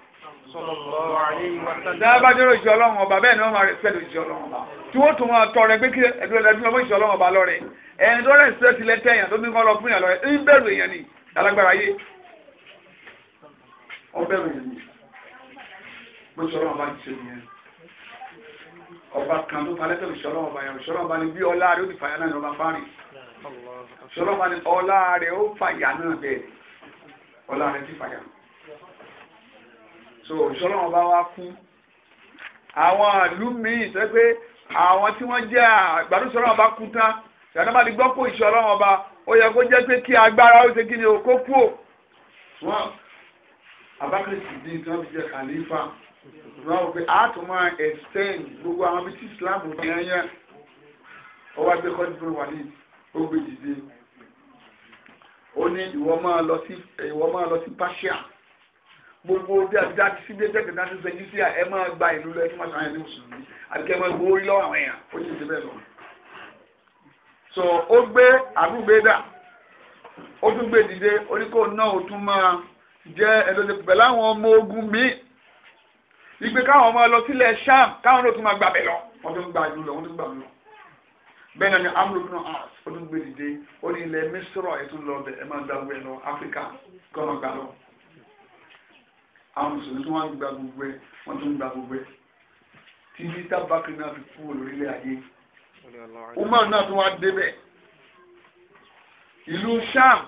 dábàá dúró ìṣọ́ ọlọ́wọ́n ọba bẹ́ẹ̀ ni wọ́n máa respect ìṣọ́ ọlọ́wọ́n ọba tí wọ́n tún wọn tọrẹ pé kí ẹdúrẹ́dẹ́dún lọ́mọ ìṣọ́ ọlọ́wọ́n ọba lọ́rẹ̀ ẹni tó rẹ̀ respect lẹ́tẹ̀ èèyàn tó ní kọ́ lọ fún èèyàn lọ́rẹ̀ ń bẹ̀rù èèyàn ni alágbára yé ọ bẹ̀rù èèyàn ni bó ṣe ọlọ́run bá ti ṣe nìyẹn ọba kan tó palẹ́ pẹ̀lú ṣọlọ́run ọba yẹn ṣọlọ́run bá ní bí ọlá rẹ̀ ó ti fàyà náà ní ọba fárì ṣọlọ́run bá ní ọlá rẹ̀ ó fàyà náà bẹ́ẹ̀ ọlá rẹ̀ ti fàyà so ṣọlọ́run bá wá kú àwọn ìlú míì sọ pé àwọn tí wọ́n jẹ́ àgbàdo ṣọlọ́run bá kú tán ṣàdá bá ti gbọ́ pò ìṣọlọ́run ọba ó yẹ kó jẹ́ pé kí agbára ó ṣe kí ni ò kó kú ò wọ́n abákẹ́sì bíi tí wọ́n fi jẹ́ wọn ò pé àtúmọ̀ extend gbogbo àwọn bíi tí islam ní ẹyẹ ọwọ́ àti kọ́ńtìpọ̀ wà ní gbogbo ìdíje ó ní ìwọ máa lọ sí ìwọ máa lọ sí Persia gbogbo bí àbíjá ti síbi ẹgbẹ́ tẹ̀lé láti ṣe jíṣẹ́ ẹ máa gba ìlú lọ ẹ máa ṣàyẹn ní oṣù yìí àbíkẹ́ máa gbowó lọ́wọ́ àwọn èèyàn ó sì ṣe bẹ́ẹ̀ lọ. sọ ó gbé àbúgbé dà ó tún gbé dìde oníkó náà ó tún máa jẹ́ ẹ̀dọ́dẹ pẹ̀lú àwọn ọmọ ogun míì ìgbé káwọn ọmọ lọ sílẹ̀ sham káwọn ló tún máa gbàbẹ̀ lọ wọ́n tún gbà ìlú lọ wọ́n tún gbà ìlú lọ bẹ́ẹ̀ náà ni amúlò fún ọ ó tún gbé dìde ó ní ilẹ̀ mísírọ̀ ẹ̀ tún lọ bẹ̀ ẹ̀ máa gbàgbé lọ áfíríkà kọ́ máa gbà lọ àwọn mùsùlùmí tún wá ń gba gbogbo ẹ̀ wọ́n tún ń gba gbogbo ẹ̀ tí níta bákìrì náà fi kú olórílẹ̀ ayé umar náà tún wá débẹ̀ ìlú sham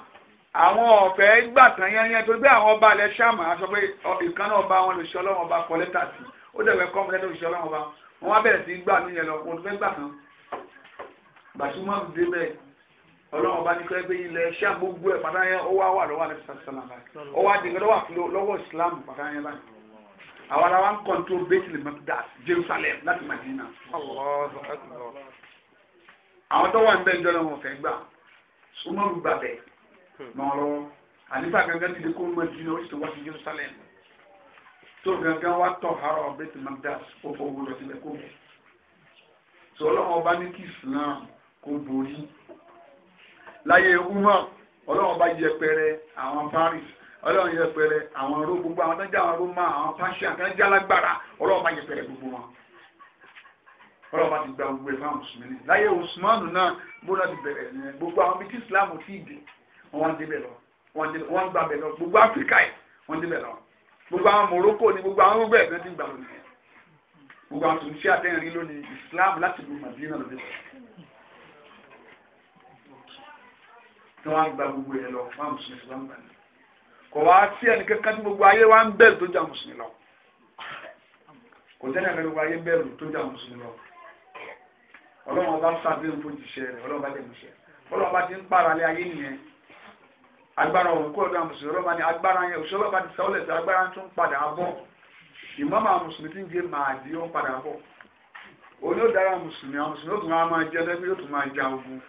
àwọn ọ̀fẹ́ gbà tán yányán torí pé àwọn ọba alẹ́ ṣàmà aṣọ pé ìkan náà ọba wọn lè ṣe ọlọ́run ọba kọ lẹ́tà sí ó dẹ̀ wẹ́ kọ́ mi lẹ́tà òṣìṣẹ́ ọlọ́run ọba wọn wá bẹ̀rẹ̀ sí gbà níyẹn lọ kó fẹ́ gbà tán gbàtúmọ̀ dé bẹ́ẹ̀ ọlọ́run ọba ní kẹ́ pé ilẹ̀ ṣá gbogbo ẹ̀ pátá yẹn ó wá wà lọ́wọ́ alẹ́ sàlámà báyìí ó wá dìgbẹ́ lọ́wọ́ Islam pátá yẹn báyìí àwọn ará wa ń control Baitul Maqdis Jerusalem láti Madina àwọn tó wà ń bẹ́ẹ̀ ń jọ́ lọ́wọ́ fẹ́ gbà súnmọ́ gbà bẹ́ẹ̀ máa lọ ànífà gangan ti di kó Madina o sì wá sí Jerusalem tó gangan wá tọ̀ harọ bẹ́ẹ̀ tó o dá ó fọ owó lọ sílẹ̀ kó bẹ̀ tó ọlọ́run ọba ní kí Islam kó borí láyé Umar ọlọ́run ọba yẹpẹrẹ àwọn Paris ọlọ́run yẹpẹrẹ àwọn ró gbogbo àwọn tọ́jú àwọn Roma àwọn Persian kan jẹ́ alágbára ọlọ́run ọba yẹpẹrẹ gbogbo wọn ọlọ́run bá ti gba gbogbo ẹ̀ fáwọn mùsùlùmí láyé Usman náà bó náà ti bẹ̀rẹ̀ gbogbo àwọn bíi tí Islam ti dì wọ́n débẹ̀ lọ wọ́n gbàbẹ̀ lọ gbogbo áfíríkà yìí wọ́n débẹ̀ lọ gbogbo àwọn morocco ni gbogbo àwọn gbogbo ẹ̀fẹ́ ti gbà lónìí gbogbo àwọn tunisia tẹ́rin lónìí islam láti lu madina lóde tí wọ́n gba gbogbo yẹn lọ fún àwọn mùsùlùmí wọn gbà ní kò wá sí ẹni kankan tí gbogbo ayé wa ń bẹ̀rù tó jà mùsùlùmí lọ kò tẹ́lẹ̀ ẹ̀ka gbogbo ayé bẹ̀rù tó jà mùsùlùmí lọ ọlọ́run ọba ń sàbẹ̀wò fún ìṣẹ́ rẹ̀ ọlọ́run ọba dẹ̀ mú ọlọ́run ọba ti ń pààrọ̀ alẹ́ ayé nìyẹn agbára òun kúrò náà mùsùlùmí ọlọ́ba ni agbára yẹn òṣèlú ọba ti sáwọ́lẹ̀ sí agbára tó ń padà bọ̀ ìmọ̀mọ̀ àwọn mùsùlùmí ti ń jẹ màdí ó ń padà bọ̀ òun yóò dára mùsùlùmí àwọn mùsùlùmí ó tún máa jẹ lẹ́gbẹ́ yóò tún máa ja ogun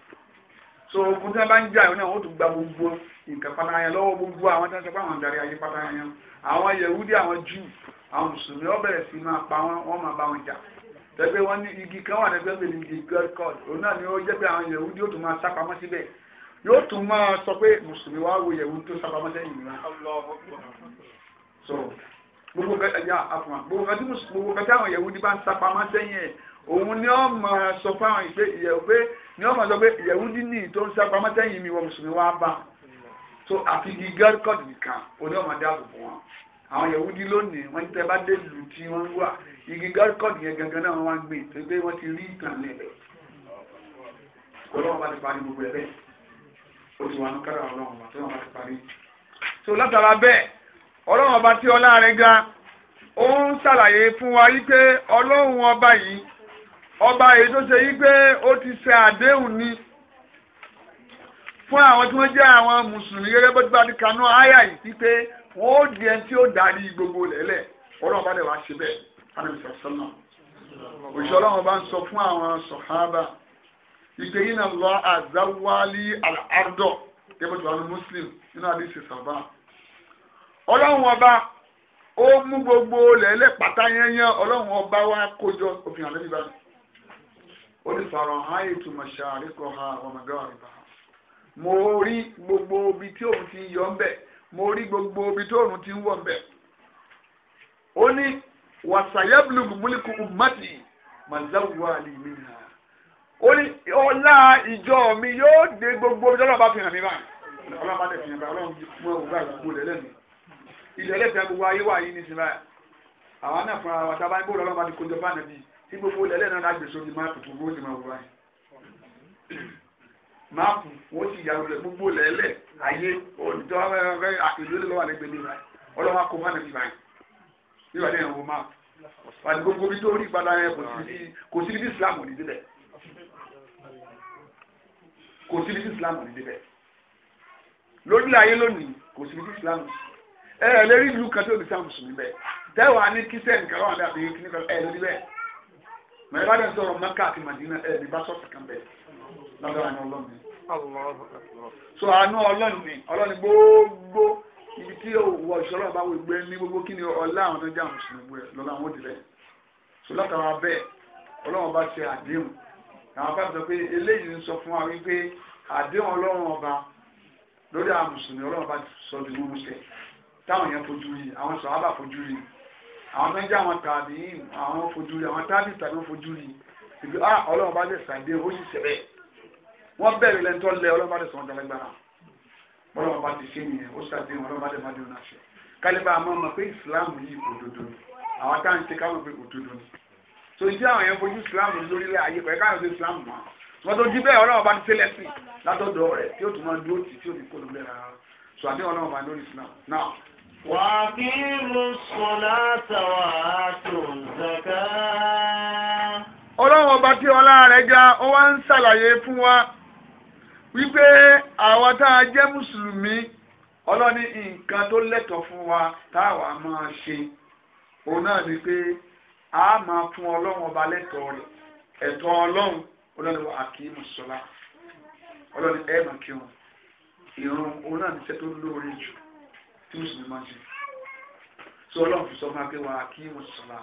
so ogun tí wọ́n bá ń jà yóò náà wọ́n tún gba gbogbo nǹkan pátá yẹn lọ́wọ́ gbogbo àwọn tí wọ́n sọ pé àwọn darí ayé pátá yẹn àwọn yẹ̀wúdí àwọn jù àwọn mùsùlùmí ni ó jẹ́ pé àwọn yẹ̀wúdí ó tún máa yóò tún máa sọ pé mùsùlùmí wá wo yẹ̀wò tó sábàmọ́ lẹ́yìn mìíràn. so gbogbo ẹja àfọ̀mà gbogbo kẹtí gbogbo kẹtí àwọn yẹ̀wò ní bá ń sápamọ́ sẹ́yìn òun ni ó máa sọ fún àwọn ìṣe ìyẹ̀wò pé ni ó máa sọ pé ìyẹ̀wò nínú tó ń sápamọ́ sẹ́yìn mi wọ mùsùlùmí wá bá so àfi di gẹ́rẹ́kọ̀dù nìkan òní ọmọ dé àbùkù wọn àwọn yẹ̀wùdí lónìí wọ́n tẹ́ bá dé lù tí wọ́n wà igi gẹ́rẹ́kọ̀dù yẹn gangan náà wọ́n wá gbé tó gbé wọ́n ti rí ìtàn lẹ̀ kó bá ti parí gbogbo ẹ̀ bẹ́ẹ̀ oṣù wa ń kára ọlọ́run ọba tí wọ́n bá ti parí. so látara bẹ́ẹ̀ ọlọ́run ọba tí ọlá rẹ̀ ga ó ń ṣàlàyé fún wa wípé ọlọ́run ọba yìí ọba èyí tó ṣe wípé ó ti ṣe àdéhùn ni fún àwọn tí wọ́n jẹ́ àwọn mùsùlùmí gẹ́gẹ́ bó ti bá ti kanú àyà yìí wípé wọ́n ó di ẹni tí ó darí gbogbo lẹ́lẹ̀ ọlọ́run ọba dẹ̀ wá ṣe bẹ́ẹ̀ ánàmísọ̀ sọ́nà òṣìṣẹ́ ọlọ́run ọba ń sọ fún àwọn sọ̀hábà ìpè yìí náà lọ àzáwálí àdọ tẹ́bọ̀tì wà ní muslim nínú àdìsí sàbá ọlọ́run ọba ó mú gbogbo lẹ́lẹ́ pátá yẹnyẹn ọlọ́run ọba wa kójọ òfin àlẹ́ bíbá ó ní fàrọ̀ hàn ètò mọ̀ṣá àríkọ̀ ha ọmọdé àríbá mo rí gbogbo ibi tí òun ti yọ ń bẹ̀ mo rí gbogbo ibi tí òun ti ń wọ̀ ń bẹ̀ ó ní wàsàyẹ́bùlùmùlùkù mọ́tì màzáwálì mìíràn ó ní ọlá ìjọ mi yóò dé gbogbo ọjọ́ náà bá fi hàn mí báyìí. ọlọ́run bá tẹ̀ fi hàn báyìí ọlọ́run mú ẹ̀wù báyìí gbogbo ilẹ̀ lẹ́nu ilẹ̀ ẹlẹ́fẹ̀ gbogbo ayé wà yìí nísìnyí báyìí àwọn náà fúnra wa tábà ń gbọ́dọ̀ ọlọ́run bá ti kójọ báyìí nàbí tí gbogbo ilẹ̀ lẹ́nu náà gbèsò ní máàpù tó gbogbo ti máa wù báyìí. máàpù wọ́n sì yàrá rẹ̀ gbogbo ilẹ̀ ẹlẹ́ ayé òǹtọ́ ìlú ló wà lẹ́gbẹ̀ẹ́ báyìí ọlọ́run á kó máa nàbí báyìí yóò wà lẹ́yìn àwọn máàpù àti kò sí ibi islam ní débẹ̀ lórílẹ̀ ayé lónìí kò sí ibi islam ẹ ẹ lérí ìlú kan tó ti sá mùsùlùmí bẹ́ẹ̀ tẹ́wàá ní kíṣẹ́ẹ̀nì kan wà lábẹ́ kí kan ẹ lórí bẹ́ẹ̀ mọ̀ bá dẹ̀ sọ̀rọ̀ Mẹ́kà àti Màdínà ẹ ní bá sọ̀tì kan bẹ́ẹ̀ lọ́dọ̀ àná ọlọ́run so àánú ọlọ́run ni ọlọ́run gbogbo ibi tí òwò ìṣọ́rọ̀ bá wò gbé ní gbogbo kí ni ọlá àwọn tó jẹ́ àwọn mùsùlùmí lọ́dọ̀ àwọn òdìrẹ́ àwọn bá sọ pé eléyìí ń sọ fún wa wípé àdéhùn ọlọ́run ọba lórí àwọn mùsùlùmí ọlọ́run bá sọ di mímú ṣẹ táwọn yẹn fojú rí àwọn sọ̀hábà fojú rí àwọn mẹ́jọ àwọn tàbí àwọn fojú rí àwọn tábì tàbí fojú rí ìgbé ah ọlọ́run bá dẹ̀ sàdé ó sì sẹ̀rẹ̀ wọ́n bẹ̀rẹ̀ lẹ́ńtọ́ lẹ ọlọ́run bá dẹ̀ sọ̀rọ̀ dálágbára ọlọ́run bá ti ṣe nìyẹn ó sàdé ọlọ́run bá dẹ̀ má dé ọ̀nà àṣẹ kálíbà àmọ́ ọmọ pé ìsìláàmù yìí òdodo àwọn táwọn ṣe káwọn pé òdodo ni so ìdí àwọn yẹn fojú islam lórílẹ̀ ayé pẹ̀lú káyọ̀ sí islam mọ́ wọ́n tó jí bẹ́ẹ̀ ọlọ́run bá ti tẹ́lẹ̀ sí látọ̀dọ̀ rẹ̀ tí ó tún máa dúró tì tí ò ní kó lóore rárá so àbí ọlọ́run bá lórí islam náà. wà á kí mùsùlá tàwa tó zaka. ọlọ́run ọba tí ọlá rẹ̀ ga ó wá ń ṣàlàyé fún wa wípé àwa tá a jẹ́ mùsùlùmí ọlọ́ni nǹkan tó lẹ́tọ̀ọ́ fún wa táwa máa ṣe òun náà ni pé a máa fún ọlọ́run ọba lẹ́tọ̀ọ́ rẹ̀ ẹ̀tọ́ ọlọ́run ọlọ́run àkíyèmọ̀ sọlá ọlọ́run ẹ̀ máa kírun ìrun òun náà níṣẹ́ tó lóore jù tí mùsùlùmí máa ń ṣe ọlọ́run fi sọ máa gbé wa àkíyèmọ̀ sọlá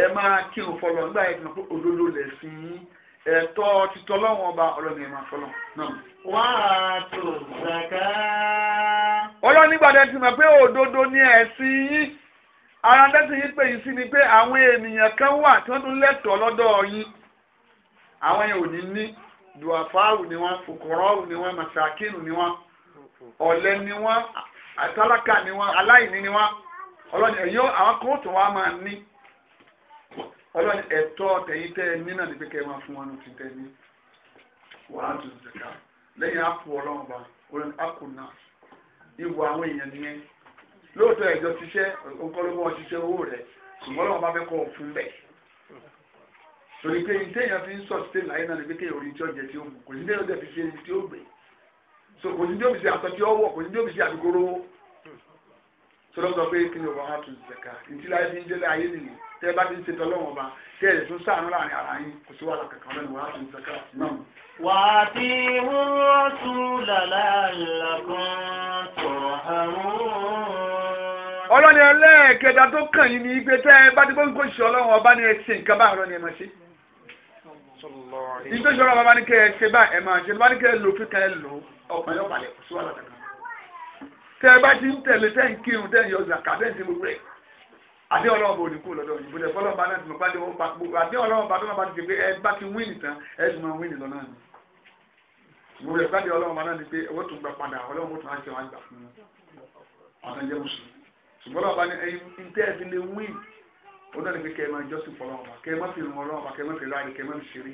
ẹ máa kírun fọlọ́ nígbà yẹn kí olólo lẹ̀ sí yín ẹ̀tọ́ títọ́ ọlọ́run ọba ọlọ́run ẹ̀ máa fọlọ́ náà. wà á tó zaka. ọlọ́run nígbà tẹ́ ti mọ̀ pé òdodo ni ẹ̀sìn yín ara dẹ́sí yìí pé yìí sí ni pé àwọn ènìyàn kan wà tí wọ́n tún lẹ́tọ̀ọ́ lọ́dọ̀ yín àwọn yẹn ò ní ní ni wọ́n fòkòrọ́wù ni wọ́n ni wọ́n ọ̀lẹ ni wọ́n àtàlákà ni wọ́n aláìní ni wọ́n ọlọ́ni ẹ̀yọ́ àwọn kan tó wá máa ní ọlọ́ni ẹ̀tọ́ tẹ̀yìn tẹ́ ẹ ní náà ní pé kẹ́ ẹ máa fún wọn ti tẹ́ lóòótọ́ ẹ̀jọ́ ṣiṣẹ́ ọkọlọ́gbọ́n ṣiṣẹ́ owó rẹ̀ ṣùgbọ́n lọ́wọ́ bá fẹ́ kọ́ fún bẹ́ẹ̀. torí pé ìtẹ̀yàn fi ń sọ sílẹ̀ láyé náà ni pé orí tí ó jẹ tí ó mú kò sí déyàn dẹ̀ fi ṣe ibi tí ó gbé so kò sí dé òbí ṣe àtọ́ tí ó wọ̀ kò sí ṣe pé kí ni ọba wa tún láyé fi ń délé ayé nìyí tẹ́ bá ti ń ṣe ọba tẹ́ tún láàrin ara yín kò ọlọ́ni ẹlẹ́ẹ̀kẹta tó kàn yín ní ipe tẹ́ ẹ bá ti gbóngbó ṣe ọlọ́run ọba ní ẹsẹ̀ nǹkan bá ọlọ́ni ẹ máa ṣe. ìgbésẹ̀ ọlọ́run ọba ní kẹ́ ẹ ṣe bá ẹ máa ṣe ló bá ní kẹ́ ẹ lò fún kẹ́ ẹ lò ọ̀pẹ̀lọpàlẹ̀ kò sí wàhálà kankan. tẹ́ ẹ bá ti ń tẹ̀lé tẹ́ ń kírun tẹ́ ń yọ zàkà tẹ́ ń ṣe gbogbo rẹ̀ àdé ọlọ́run bò ní kú lọ́dọ̀ yìí bùdẹ̀ fọlọ́ba náà ti mọ̀ pàdé wọn pàpọ̀ àdé ọlọ́run bá tọ́lá bá ti gbé ẹ bá ti wíìnì tán ẹ sì máa wíìnì lọ́nà ni. bùdẹ̀ fọlọ́ba náà ti gbé ẹ wọ́n tún gbà padà ọlọ́run tó ń ṣe wọn gbà fún wọn. ọ̀sán jẹ́ mùsùlùmí ṣùgbọ́n lọ́ba ní ẹyin tẹ́ ẹ fi lè wí ó náà ní pé kẹ́ ẹ máa jọ́sìn fọlọ́ ọba kẹ́ ẹ má fi ràn ọlọ́run ọba kẹ́ ẹ má fi ráàyè kẹ́ ẹ má fi ṣeré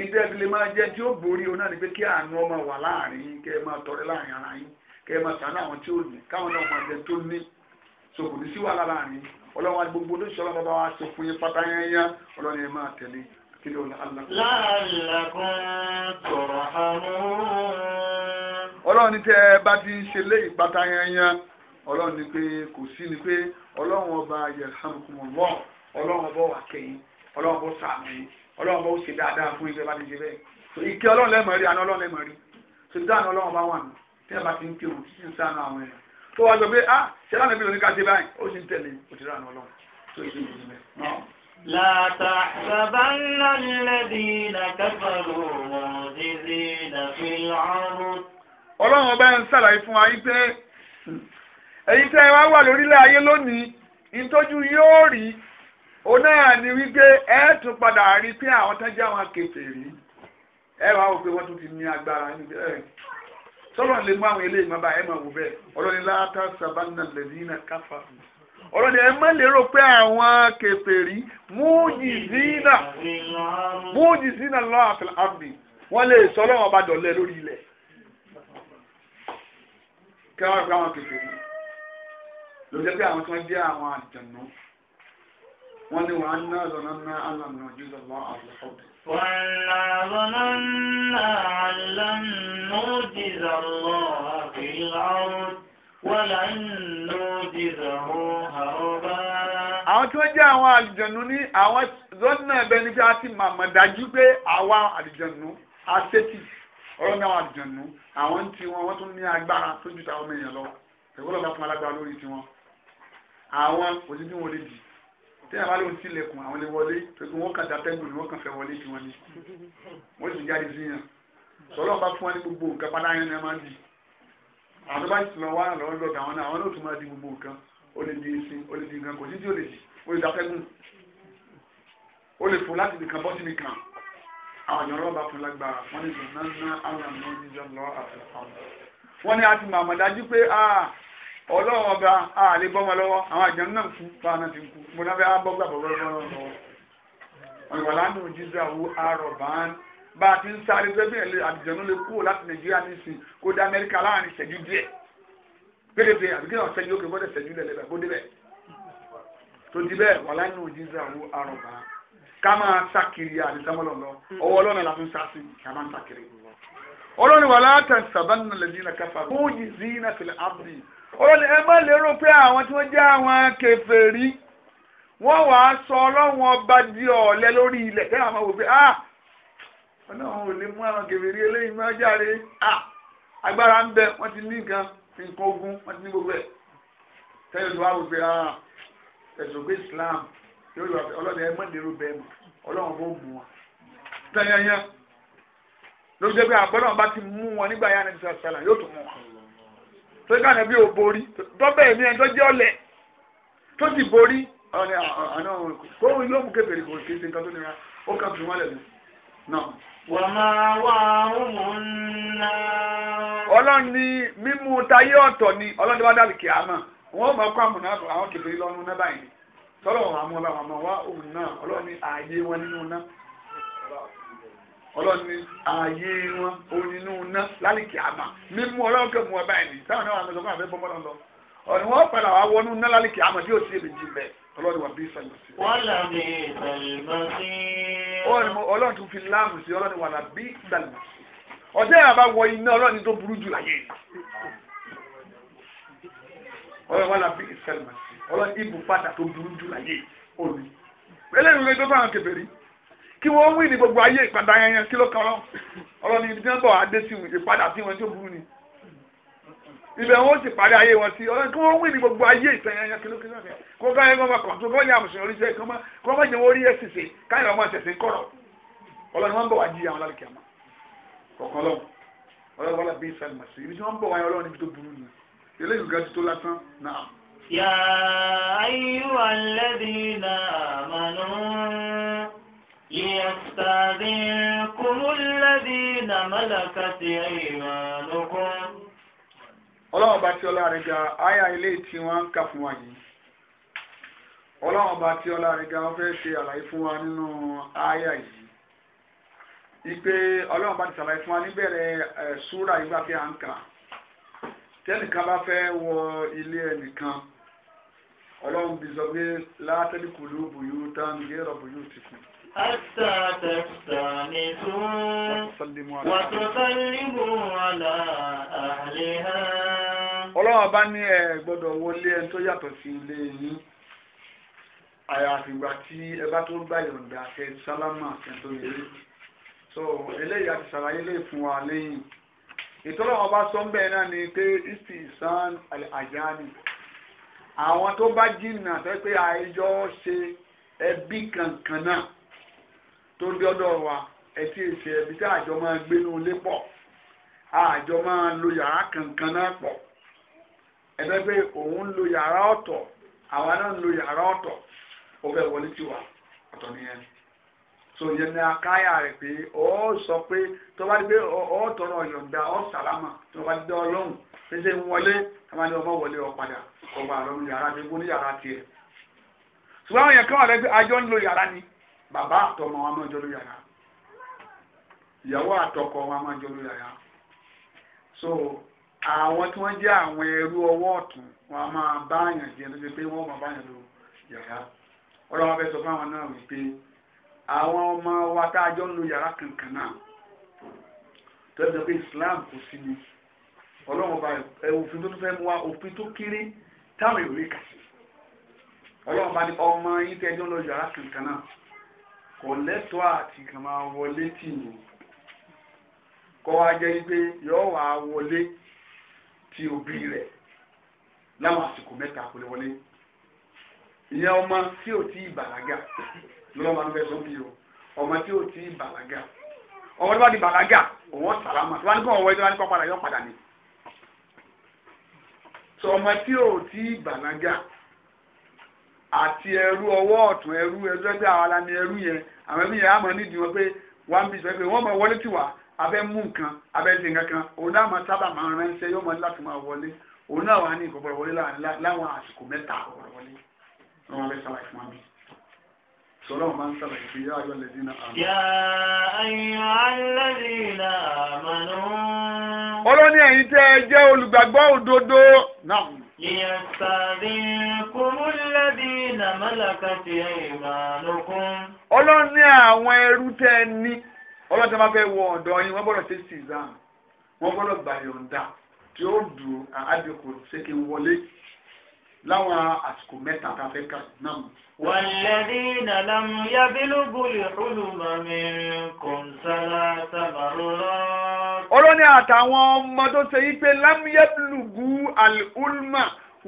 ìtẹ́ ẹ fi lè máa jẹ́ tí ó borí ó náà ní pé kí àánú ọmọ wà láàrin yín kẹ́ ẹ máa tọrẹ láàrin ara yín kẹ́ ẹ máa sàánú àwọn tí ó ní káwọn náà máa jẹ tó ní so kò ní sí wàhálà láàrin ọlọ́run gbogbo oníṣẹ́ ọlọ́run bá wá sọ fún yín pátá yányá ọlọ́run ẹ máa tẹ̀lé kí ló ń ọlọ́run tẹ́ ẹ bá ti ń ṣe lé ìpátá yányá ọlọ́run ni pé kò sí ni pé ọlọ́run ọba yarhamukumullah ọlọ́run ọba wà kẹ́yìn ọlọ́run ọba sàmì ọlọ́run ọba ó ṣe fún ìgbẹ́ bá ti ṣe ọlọ́run lẹ́mọ̀ rí àná ọlọ́run lẹ́mọ̀ rí so ọlọ́run bá wà tí ẹ bá ti ń kí òun títí ń sáà àwọn èèyàn tó wá sọ pé ah ṣé lánàá bí lóníkà ṣe báyìí ó sì ń tẹ̀lé òtítọ́ لا تحسبن الذين كفروا معجزين في الأرض. ọlọ́run ọba ń ṣàlàyé fún wa ẹ̀yin tẹ́ ẹ wá wà lórílẹ̀ ayé lónìí ìtọ́jú yóò rí o náà ni wípé ẹ tún padà rí pé àwọn tẹ́jú àwọn kèfèrí ẹ wá wò pé wọ́n tún ti ní agbára níbi lè mú àwọn eléyìí máa bá ẹ máa wò bẹ́ẹ̀ ọlọ́ni látà sàbánà lẹ́dínà káfà ọlọ́ni ẹ má pé àwọn lọ́wọ́ wọ́n lè sọ́lọ́ wọn bá dọ̀lẹ́ lórí ilẹ̀ ló jẹ́ pé àwọn tí wọ́n jẹ́ àwọn àjànú wọ́n ní wàá ná lọ́nà ná àlànà jùlọ lọ àwọn ọ̀dọ́. Wàlá lọ́nà ná àlànà jùlọ lọ àfihàn wàlá nù jùlọ àrọ́bá. Àwọn tí wọ́n jẹ́ àwọn àjànú ní àwọn lọ́nà ẹ̀bẹ̀ ni pé a ti dájú pé àwa àjànú asétì ọ̀rọ̀ ní àwọn àjànú àwọn tí wọ́n tún ní agbára tó ju tàwọn èèyàn lọ. Èwo lọ́ba fún alágbára lórí tiwọn àwọn òní bí wọn lè dì tí àwọn alẹ́ òtí lẹ̀kùn àwọn lè wọlé pẹ̀lú wọn kàdá tẹ́gùn ni wọn kàn fẹ́ wọlé tí wọn ni wọn sì jáde sí yàn sọlọ́ bá fún wọn ní gbogbo nǹkan padà yẹn ni wọn máa dì àwọn tó bá ti lọ wá lọ́wọ́ lọ́dọ̀ àwọn náà àwọn náà tún máa di gbogbo nǹkan ó lè di ẹṣin ó lè di nǹkan kò sí tí ó lè dì ó lè dàtẹ́gùn ó lè fò láti nìkan bọ́ sí nìkan àwọn èèyàn ọlọ́ba fún lágbára wọ́n ní ọlọ́run ọba àlè bọ́mọ lọ́wọ́ àwọn àjẹun náà kú bá náà ti kú mo náà fẹ́ bọ́ gbàgbọ́ bọ́ lọ́wọ́ ọ̀nà lánàá jíjà wo àárọ̀ bá ń bá a ti ń sáré gbẹ́bí ẹ̀ àjẹun lè kúrò láti nàìjíríà nísìn kó dá amẹ́ríkà láàrin ìṣẹ́jú díẹ̀ pédèpé àbíké náà ṣẹ́jú òkè bọ́dẹ̀ ṣẹ́jú lẹ̀ lẹ́bàá bóde bẹ́ẹ̀ tó di bẹ́ẹ̀ wà lánàá jíjà wo àárọ̀ bá ń ká máa sákiri àdìsámọ́lọ́ lọ ọwọ́ ọlọ́run la tún sá sí ọlọ́ni ẹ má lérò pé àwọn tí wọ́n jẹ́ àwọn kèfèrí wọ́n wàá sọ ọlọ́run ọba di ọ̀lẹ lórí ilẹ̀ kí àwọn wò pé ah ọlọ́run ò lè mú àwọn kèfèrí eléyìí má jáde ah agbára ń bẹ wọ́n ti ní nǹkan nǹkan ogun wọ́n ti ní gbogbo ẹ̀ tẹ́lẹ̀ tó wá wò pé ah ẹ̀sùn pé Islam yóò lọ ọlọ́ni ẹ má lérò bẹ́ẹ̀ mọ́ ọlọ́run bó mú wọn tẹ́yẹ̀yẹ́ ló jẹ́ pé àgbọ̀dọ̀ bá ti mú wọn nígbà yára ní sàlà yóò tún mú wọn tó ká nàbí ò borí dọ́bẹ̀ ẹ̀mí ẹjọ́ jẹ́ ọ̀lẹ̀ tó sì borí ọ̀nà ah, ah, àná kóhun yóò mú kébèrè kò sí nǹkan tó nira ó kà fi wọ́n lẹ̀ wà máa wá ọmọ ńlá. ọlọ́run ní mímú tayé ọ̀tọ̀ ni ọlọ́run bá dàbí kí wọ́n máa kó àmùnà àwọn kébèrè lọ́nu náà báyìí tọ́lọ̀ àwọn ọmọ ọlọ́run àmọ́ wá òun náà ọlọ́run ní ààyè wọn nínú náà ọlọ́run ní ààyè wọn onínú ná lálìkì àmà mímú ọlọ́run kẹ́ mú ọba ẹ̀mí táwọn náà wà lọ́sọ̀ fún àbẹ́ bọ́mọ́lọ́ lọ ọ̀nà wọn padà wà wọnú ná lálìkì àmà tí ó sì èmi jì bẹ́ẹ̀ ọlọ́run wà bí sẹ́yìn sí. wọ́n là bí sẹ́yìn sí. ọlọ́run tún fi láàmù sí ọlọ́run wà là bí sẹ́yìn sí. ọjọ́ yà bá wọ iná ọlọ́run tó burú jù láyé. ọlọ́run wà là bí sẹ́yìn sí ọlọ́run ibù tó burú jù láyé kí wọ́n wí ní gbogbo ayé ìpadà yẹn kí ló kàn lọ ọlọ́ni ibi tí wọ́n bọ̀ adé sí ìpadà sí wọn tó burú ni ibẹ̀ wọn ó sì parí ayé wọn sí ọlọ́ni kí wọ́n wí ní gbogbo ayé ìtàn yẹn kí ló kí lọ́kàn kó ká yẹn kó máa kàn tó kó yẹ àmùsùn orí jẹ kó má kó má jẹ wọn ni eléyìí gan ti tó lásán náà. يا ليستاذنكم الذين ملكت أيمانكم ọlọ́run ọba tí ọlá rẹ̀ ga àyà ilé tí wọ́n ń kà fún wa yìí ọlọ́run ọba tí ọlá rẹ̀ wọ́n fẹ́ ṣe àlàyé fún wa nínú àyà yìí ipe ọlọ́run ọba ti ṣàlàyé fún wa níbẹ̀rẹ̀ ẹ̀ súrà ìgbà pé à ń kà tẹ́nìkan bá fẹ́ wọ ilé ẹnìkan ọlọ́run bí sọ pé tán gẹ́rọ̀ bùyú ti حتى تستانسوا وتسلموا على أهلها ọlọ́run ọba ní ẹ gbọ́dọ̀ wọlé ẹni tó yàtọ̀ sí ilé yín àyàfi tí ẹ bá tó gbà yọ̀ǹda ẹ sálámà ẹ tó yẹlé so eléyìí àti sàlàyé lè fún wa lẹ́yìn ìtọ́lọ́wọ́n ọba sọ ń bẹ́ẹ̀ náà ni pé isti san àjáni àwọn tó bá jìnnà tó pé àìjọ ṣe ẹbí kankan náà tó ń dọ́dọ̀ wa ẹtí èsì ẹbí tí àjọ máa gbénu lé pọ̀ àjọ máa lo yàrá kankan náà pọ̀ ẹgbẹ́ pé òun lo yàrá ọ̀tọ̀ àwa náà lo yàrá ọ̀tọ̀ ó wọlé tiwa ọ̀tọ̀ nìyẹn so yẹn ní akáyà rẹ̀ pé ó sọ pé tó bá gbé ọ tọrọ ọ̀yọ̀ǹda ọ sàlámà tó bá gbé ọlọ́run pèsè wọlé àwọn ni ọmọ wọlé ọ padà ọgbà ọlọ́run yàrá mi gbó yàrá tiẹ̀ ṣùgbọ́n àwọn yẹn kí wọ́n rẹ̀ àjọ ń lo yàrá ni bàbá àtọmọ wọn máa jọlú yàrá ìyàwó àtọkọ wọn máa jọlú yàrá so àwọn tí wọ́n jẹ́ àwọn ẹrú ọwọ́ ọ̀tún wọn máa bá àyàn jẹ lójú pé wọn máa bá àyàn lò yàrá ọlọ́wọ́n fẹ́ sọ fún àwọn náà wípé àwọn ọmọ wa tá a jọ ń lo yàrá kankan náà Islam kò sí ni òfin tó tún mú wa òfin tó kéré táwọn èrò kà kò lẹ́tọ̀ọ́ àti kan máa wọlé tì mí kọ́ wa jẹ́ wípé yọ̀ọ́ wà á wọlé tí òbí rẹ̀ láwọn àsìkò mẹ́ta kò lè wọlé ìyẹn ọmọ tí ò tí ì bàlágà lọ́wọ́ máa ń fẹ́ sọ́n bí o ọmọ tí ò tí bàlágà ọmọ tó bá di bàlágà òun sàlámà tó bá ní kó ọwọ́ ẹjọ́ bá ní kó padà yọ padà ni sọ ọmọ tí ò tí bàlágà àti ẹrú ọwọ́ ọ̀tún ẹrú ẹrú ẹgbẹ́ àwọn ẹrú yẹn àwọn ẹrú yẹn á mọ̀ nídìí wọn pé wọ́n bí sọ pé wọ́n mọ̀ wọlé tì wá mú nǹkan abẹ́ ṣe nǹkan òun náà máa sábà máa ránṣẹ́ yóò mọ̀ láti máa wọlé òun náà wà ní ìkọ̀bọ̀ wọlé láwọn àsìkò mẹ́ta ọ̀rọ̀ wọlé wọn bẹ sábà fún mi. sọlọ́wọ́n máa ń sábà ìpè yá ayọ́ lẹ́dí náà. yà á yan lẹ́dí ọlọ́run ní àwọn ẹrú tẹ́ ẹ ní ọlọ́run tẹ́ bá fẹ́ wọ ọ̀dọ́ yín wọ́n gbọ́dọ̀ ṣe sìzán wọ́n gbọ́dọ̀ gbàyọ̀ǹda tí ó dùn àádìkù ṣe kí n wọlé láwọn àsìkò mẹ́ta tá a fẹ́ kà náà. wàlẹ́dínà lámú yabilúgbòlì olùmọ̀mí kò ń sára sábàrúrọ́. olóní àtàwọn ọmọ tó ṣe yí pé lámú yabilúgbù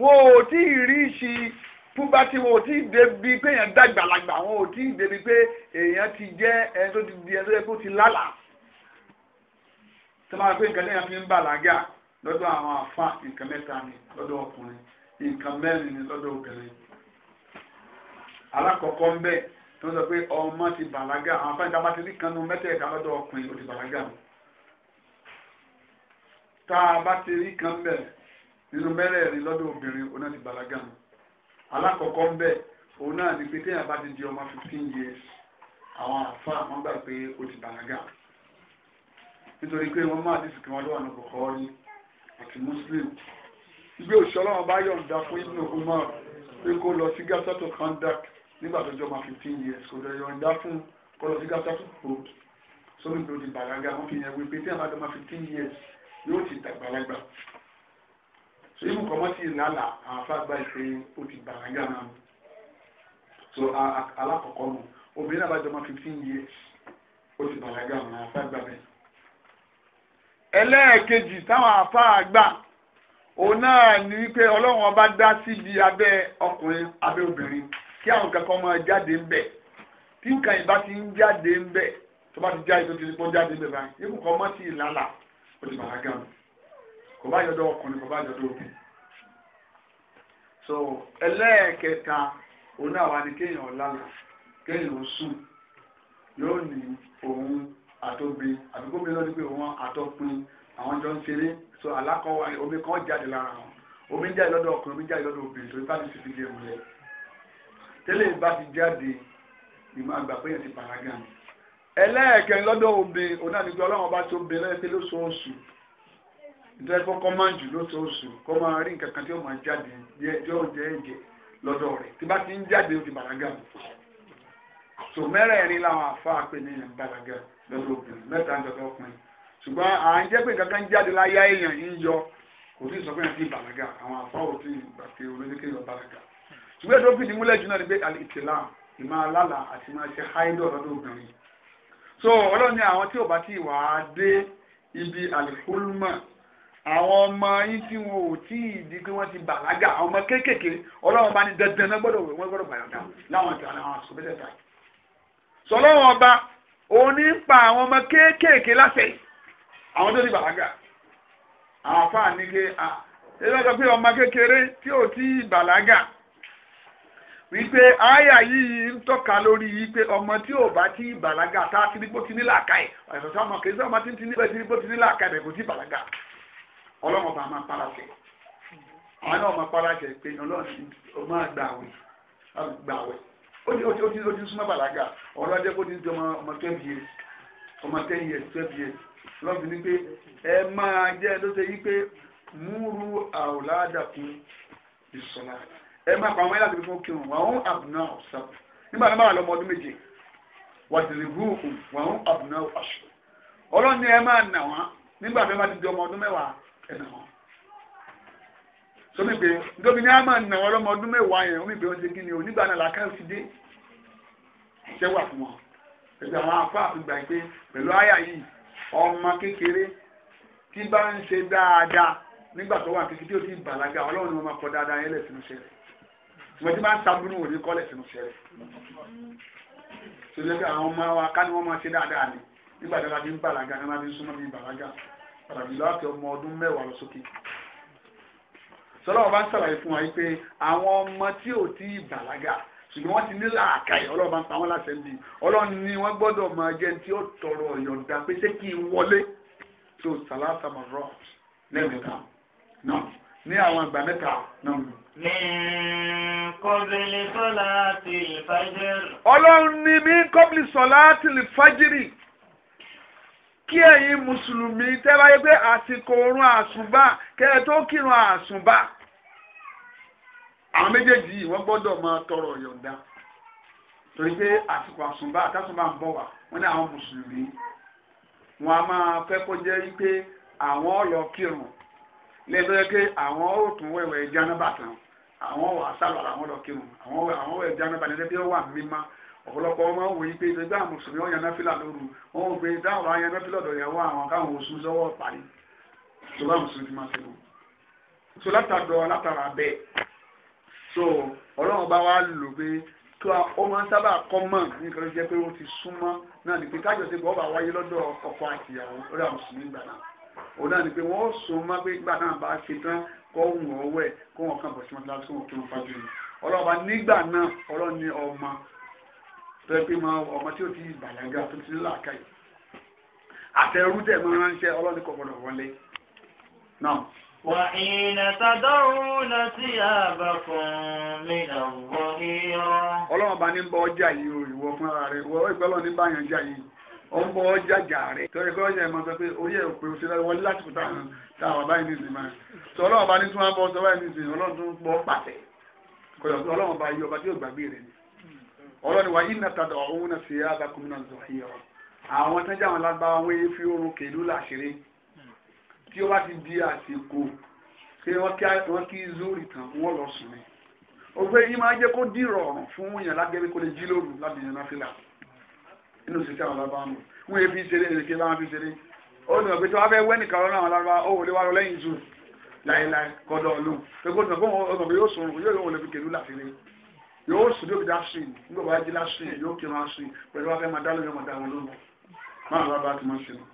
wọn ò tí ì rí sí i fúgbà tí wọn ò tí ì débi pé èèyàn dàgbàlagbà wọn ò tí ì débi pé èèyàn ti jẹ́ ẹni tó ti di ẹni tó yẹ kó ti lálàá. sọ ma pé nǹkan lẹ́yìn fi ń bàlágà lọ́dọ̀ àwọn àfa nǹkan mẹ́ta ni lọ́dọ̀ ọkùnrin nǹkan mẹ́rin ni lọ́dọ̀ obìnrin alákọ̀ọ́kọ́ ń bẹ̀ tó ń sọ pé ọmọ ti bàlágà àwọn afẹ́ńtà bá ti rí kan nu mẹ́tẹ̀ẹ̀ta lọ́dọ̀ ọkùnrin ó ti bàlágà mu tá a bá ti rí kan bẹ̀ nínú mẹ́rẹ̀ẹ̀rin lọ́dọ̀ obìnrin ó náà ti bàlágà mu alákọ̀ọ́kọ́ ń bẹ̀ òun náà ni pé téèyàn bá ti di ọmọ fifteen years àwọn àfa wọn gbà pé ó ti bàlágà nítorí pé wọ́n máa dísìkì wọn lọ́wọ́ àná muslim ibi òṣìṣọ́lọ́wọ́n bá yọ̀ǹda fún Ibn Umar pé kó lọ sí gásátò kandak nígbà tó jọ máa fifteen years kò lọ yọ̀ǹda fún kó lọ sí gásátò road sórí ìlú di bàlágà wọn fi yẹn wípé tí a bá jọ máa fifteen years yóò ti dàgbàlagbà so ibùn kọ́mọ́ sí ìlàlà àwọn afágbá ìpè ó ti bàlágà náà so alákọ̀ọ́kọ́ mu obìnrin àbájọ máa fifteen years ó ti bàlágà àwọn afágbá bẹ́ẹ̀ ẹlẹ́ẹ̀kejì táwọn afáàgbà òun náà ní wípé ọlọ́run ọba dá síbi abẹ́ ọkùnrin abẹ́ obìnrin kí àwọn kankan máa jáde ń bẹ̀ tí nǹkan ìbá ti ń jáde ń bẹ̀ tó bá ti jáde tó ti di pọ́n jáde ń bẹ̀ báyìí ikú kan mọ́ sí ìlàlà ó ti bàrá gan kò bá yọdọ ọkùnrin kò bá yọdọ obìnrin. so ẹlẹ́ẹ̀kẹta òun náà wà ní kéèyàn lálà kéèyàn sùn yóò ní òun àtòbí àbíkó mi lọ́dún pé òun àtọ́pin àwọn jọ ń ṣeré so alákọ̀wá omi kan jáde lára wọn omi jáde lọ́dọ̀ ọkùnrin omi jáde lọ́dọ̀ obìnrin torí báyìí ti fi lé wulẹ̀ tẹ́lẹ̀ bá ti jáde ni máa gbà pé yẹn ti bàlágà ni ẹlẹ́ẹ̀kẹ́ lọ́dọ̀ obìnrin òun náà ní pé ọlọ́run bá tó obìnrin lẹ́yìn pé lóṣooṣù nítorí pé kọ́ máa ń jù lóṣooṣù kọ́ máa rí nǹkan kan tí ó máa jáde tí ó jẹ́ ẹ̀jẹ̀ lọ́dọ̀ rẹ̀ tí bá ti ń jáde ó ti bàlágà ni so mẹ́rẹ̀ẹ̀rin làwọn àfa àpè ní bàlágà lọ́dọ̀ obìnrin mẹ́ta ń dọ̀dọ̀ ọkùnrin ṣùgbọ́n à ń jẹ́ pé nǹkan kan jáde láyé èèyàn ń yọ kò ní sọ pé ẹ̀ ti bàlágà àwọn àfáwò ti gbà pé olóyèké yọ bàlágà ṣùgbọ́n ètò fìdí múlẹ̀ jù náà ni pé àlìkìlá ìmọ̀ alálà àti máa ṣe háídọ̀ lọ́dọ̀ obìnrin so ọlọ́run ni àwọn tí ò bá ti wà á dé ibi àlìkúlùmọ̀ àwọn ọmọ yín tí wọn ò tí ì di pé wọ́n ti bàlágà àwọn ọmọ kéékèèké ọlọ́run bá ní dandan náà gbọ́dọ̀ wẹ̀ wọ́n gbọ́dọ̀ bàlágà láwọn ìtàn àwọn àṣọ bẹ́ẹ̀ tà sọlọ́wọ́n ọba òun ní pa àwọn ọmọ kéékèèké láṣẹ yìí àwọn tó ti bàlágà àwọn afáà ní ké a ẹlẹ́gbẹ́ pé ọmọ kékeré tí ò tí ì bàlágà wípé àyà yìí ń tọ́ka lórí wípé ọmọ tí ò bá tí ì bàlágà tá a ti ní bó ti ní làákàyè ẹ̀sọ̀ sí ọmọ kìí sí ọmọ tí ń ti ní bẹ́ẹ̀ ti ní bó ti ní làákàyè bẹ́ẹ̀ kò tí ì bàlágà ọlọ́run bá máa para ṣe àwọn náà máa para ṣe pé ọlọ́run ọmọ àgbà àwẹ̀ ó ti súnmọ́ bàlágà ọlọ́run jẹ́ kó ti di ọmọ ten years ọmọ ten lọ́bi ni pé ẹ máa jẹ́ ló ṣe yí pé múru àwòládàkùn ìsọ̀lá ẹ máa pa àwọn ẹ̀yà àti fún kírun àwọn àbùnà ọ̀sán nígbà tó bá wà lọ́mọ ọdún méje wàtìlìbù àwọn àbùnà ọ̀ṣù ọlọ́run ni ẹ máa nà wọ́n nígbà tó bá ti di ọmọ ọdún mẹ́wàá ẹ̀ nà wọ́n sọmi pé nítorí ní àmà nà wọn lọmọ ọdún mẹ́wàá yẹn omi pé ti kí ni o nígbà náà làákàn ti dé ṣẹ wà fún wọn pẹ̀lú àwọn afọ àfìgbà pé pẹ̀lú àyà yìí ọmọ kékeré tí bá ń ṣe dáadáa nígbà tó wà kékeré tí ó ti bàlágà ọlọ́run ni wọ́n máa kọ dáadáa yẹn lẹ̀ sínú iṣẹ́ rẹ̀ ṣùgbọ́n tí bá ń saburú òní kọ́ lẹ̀ sínú iṣẹ́ rẹ̀ ṣùgbọ́n pé àwọn ọmọ wa ká ni wọ́n máa ṣe dáadáa ni nígbà tí wọ́n ti ń bàlágà ní wọ́n ti ń súnmọ́ bí bàlágà pàtàkì láti ọmọ ọdún mẹ́wàá lọ sókè sọlọ́wọ́ bá ń sàlàyé fún wa yìí pé àwọn ọmọ tí ò tí ì bàlágà ṣùgbọ́n wọ́n ti ní làákàyè ọlọ́run bá ń pa wọ́n láṣẹ níbi ọlọ́run ni wọ́n gbọ́dọ̀ máa jẹ́ tí ó tọrọ ìyọ̀ǹda pé ṣé kí n wọlé tó sàlásà mọ̀rọ̀ lẹ́ẹ̀mẹ́ta náà ní àwọn ìgbà mẹ́ta náà. Min kọ́bìlì sọ́lá ti lè fàjẹ́rì. Ọlọ́run ni min kọ́bìlì sọ́lá ti lè fàjẹ́rì kí ẹ̀yin mùsùlùmí tẹ́ bá yẹ pé àsìkò oorun àsùnbà kẹ́ tó kírun àsùnbà àwọn méjèèjì yìí wọ́n gbọ́dọ̀ máa tọrọ yọ̀ǹda torí pé àsìkò àsùnbà àtàsùnbà ń bọ̀ wá wọ́n ní àwọn mùsùlùmí wọn a máa fẹ́ kó jẹ́ wípé àwọn lọ kírun lẹ́yìn tó yẹ pé àwọn ò tún wẹ̀wẹ̀ jánábà tán àwọn wà sálọ àwọn lọ kírun àwọn wẹ̀ àwọn wẹ̀ jánábà lẹ́yìn tó wà mímá ọ̀pọ̀lọpọ̀ wọn wò yí pé ìgbà mùsùlùmí wọn yànnà fílà lóru wọn ò gbé dáhùn àwọn yànnà fílà ọ̀dọ̀ ìyàwó àwọn káwọn oṣù sọ́wọ́ parí ṣùgbọ́n mùsùlùmí ti máa ṣe wọn. sọ látàdọ̀ látara bẹ́ẹ̀ so ọlọ́run bá wá lò pé kí ó máa ń sábà kọ́ mọ̀ nǹkan jẹ́ pé ó ti súnmọ́ náà ni pé kájọ ṣe bọ́ọ̀ bá wáyé lọ́dọ̀ ọkọ àtìyàwó lórí àwọn mùsùlùmí gbà náà òun náà ni pé wọ́n sọ mọ́ pé gbà náà bá ṣe tán kọ́ òun ọwọ́ ẹ̀ kó wọn kàn bọ̀ sí wọn láti kó wọn kí wọn fájú ni ọlọ́run bá nígbà náà ọlọ́run ní ọmọ tó yẹ pé ọmọ tí ó ti bàlágà tó ti láàkàyè àtẹrú tẹ̀ máa ń ṣe ọlọ́run kọ̀ gbọ́dọ̀ wọlé náà. وَحِينَ تَدْعُونَ ثِيَابَكُمْ مِنَ الظَّهِيرَةِ ọlọ́run bá ní bọ́ ọjà yìí o ìwọ fún ara rẹ ìwọ ìgbẹ́ lọ́ọ̀ ní bá yàn jà yìí ó ń bọ́ ọjà jà rẹ torí pé ọjà ìmọ̀ sọ pé orí ẹ̀ pé òṣèlú ẹ̀ wọlé láti kúta àwọn táwọn báyìí ní ìsìn máa sọ ọlọ́run bá ní tí wọ́n bọ́ sọ báyìí ní ìsìn ọlọ́run tó ń bọ́ pàtẹ́ ọlọ́run bá yí ọba tí yóò gbàgbé rẹ ni ọlọ́run wà yí nàtàdà ọ̀hún náà sí tí ó bá ti di àsìkò pé wọ́n kí zórí tán wọ́n lọ sùn ni ògbé yìí máa jẹ́ kó dìrọ̀rùn fún èèyàn lágẹ́bí kó lè jí lóru láti yàn náà fìlà inú sísè àwọn bàbá wọn wọn èèyàn fi ṣeré èrèké bá wọn fi ṣeré ó ní ọ̀gbẹ́ tí wọ́n fẹ́ wẹ́ nìkan lọ́nà àwọn alára ó wọlé wá lọ lẹ́yìn zù láéláé kọ́dọ̀ ọ̀lù pé kó tàn fún ọ̀gbẹ́ yóò sùn yóò yóò wọlé fi kèlú láfilé yóò sùn yóò fi dá sùn nígbà wàá jí lásùn yóò kírun àsùn pẹ̀lú wàá fẹ́ máa dá lóyún ọmọdé àwọn olóògùn máa lọ́ bá ti máa ṣe lọ